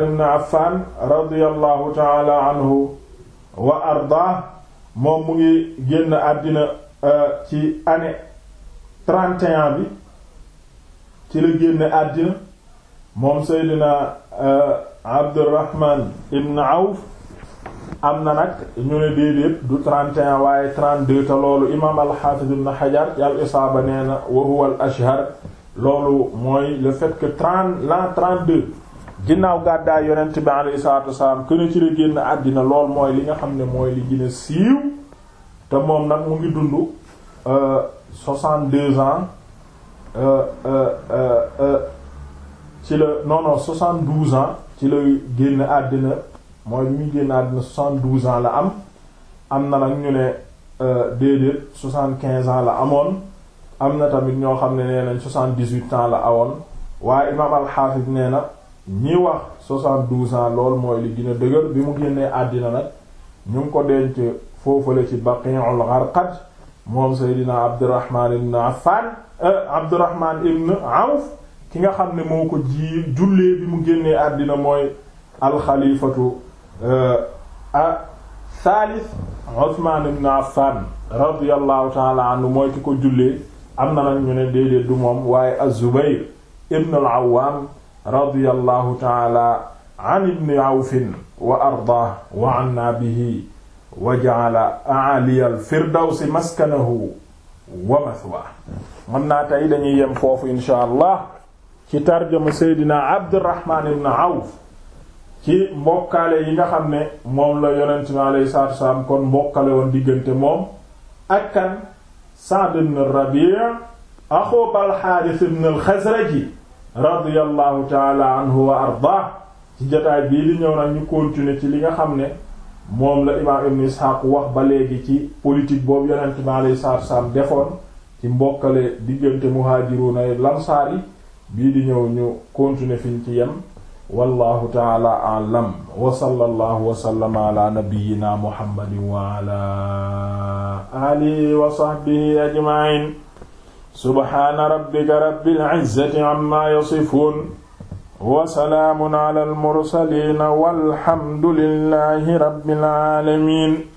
moom mu ngi génn àddina ci année 31 bi ci la génn àddina moom Seydina euh, Abdurrahman ibn Awf am na nag ñu ne déedéet du 31 waaye 32 te loolu imaam al-Hafiz ibn Hajar Isaaba nee na wa huwa al ashhar loolu mooy le fait que 30 l'an 32 ginnaaw gàddaay yonent bi alayhi salaatu wasalaam kën ci la génn àddina lool mooy li nga xam ne mooy li gën a siiw te moom nag mu ngi dund 62 euh, ci la non non soixante-douze ans ci la génn àddina mooy bi muy génn àddina soixante-douze ans la am am na nag ñu ne euh, déedéet soixante-quinze ans la amoon am na tamit ñoo xam ne nee nañ soixante-dix-huit ans la awoon waaye imaam al-Hafiz nee na ñi wax soixante-douze ans lool mooy li gën dëgër bi mu génnee àddina nag ñu ngi ko denc foofale ci Baqi'ul Gharqad moom Seydina Abdurrahman ibn Affan euh, Abdurrahman ibn Awf ki nga xam ne moo ko ji jullee bi mu génnee àddina mooy alxalifatu euh, a thalith Usmaan ibn Affan radiyallahu taala anhu mooy ki ko jullee am na nag ñu ne déedéet du moom waaye az-Zubayr ibn al-Awwam radiyallahu taala an ibn Awf wa ardaah wa anna bihi wa ja'ala a'aliya al-firdawsi maskanahu wa mathwaahu mën naa tey dañuy yem foofu insha allah ci tarjama seydina abdurrahman ibn awf ci mbokkaale yi nga xam ne moom la yonent mi alayhi salaatu kon mbokkale woon diggante moom ak kan sa'd ibn rabi' axu balxaaris ibn alxasraji radiyallahu taala anhu wa ardaa ci jotaay bii di ñëw nag ñu continuer ci li nga xam ne moom la imaam ibn isxaaq wax ba léegi ci politique boobu yonent mi alayhi salaatu defoon ci mbokkale diggante muhaajiruuna lansaar yi bii di ñëw ñu continuer fiñ ci yem wallahu taala alam wa sallallahu wa sallama ala nabiyyina muhammadin wa ala alihi wa sahbihi ajma'in subhana rabbika rabbil izzati amma yasifun wa salaamun ala al mursalin walhamdulillahi rabbil alamin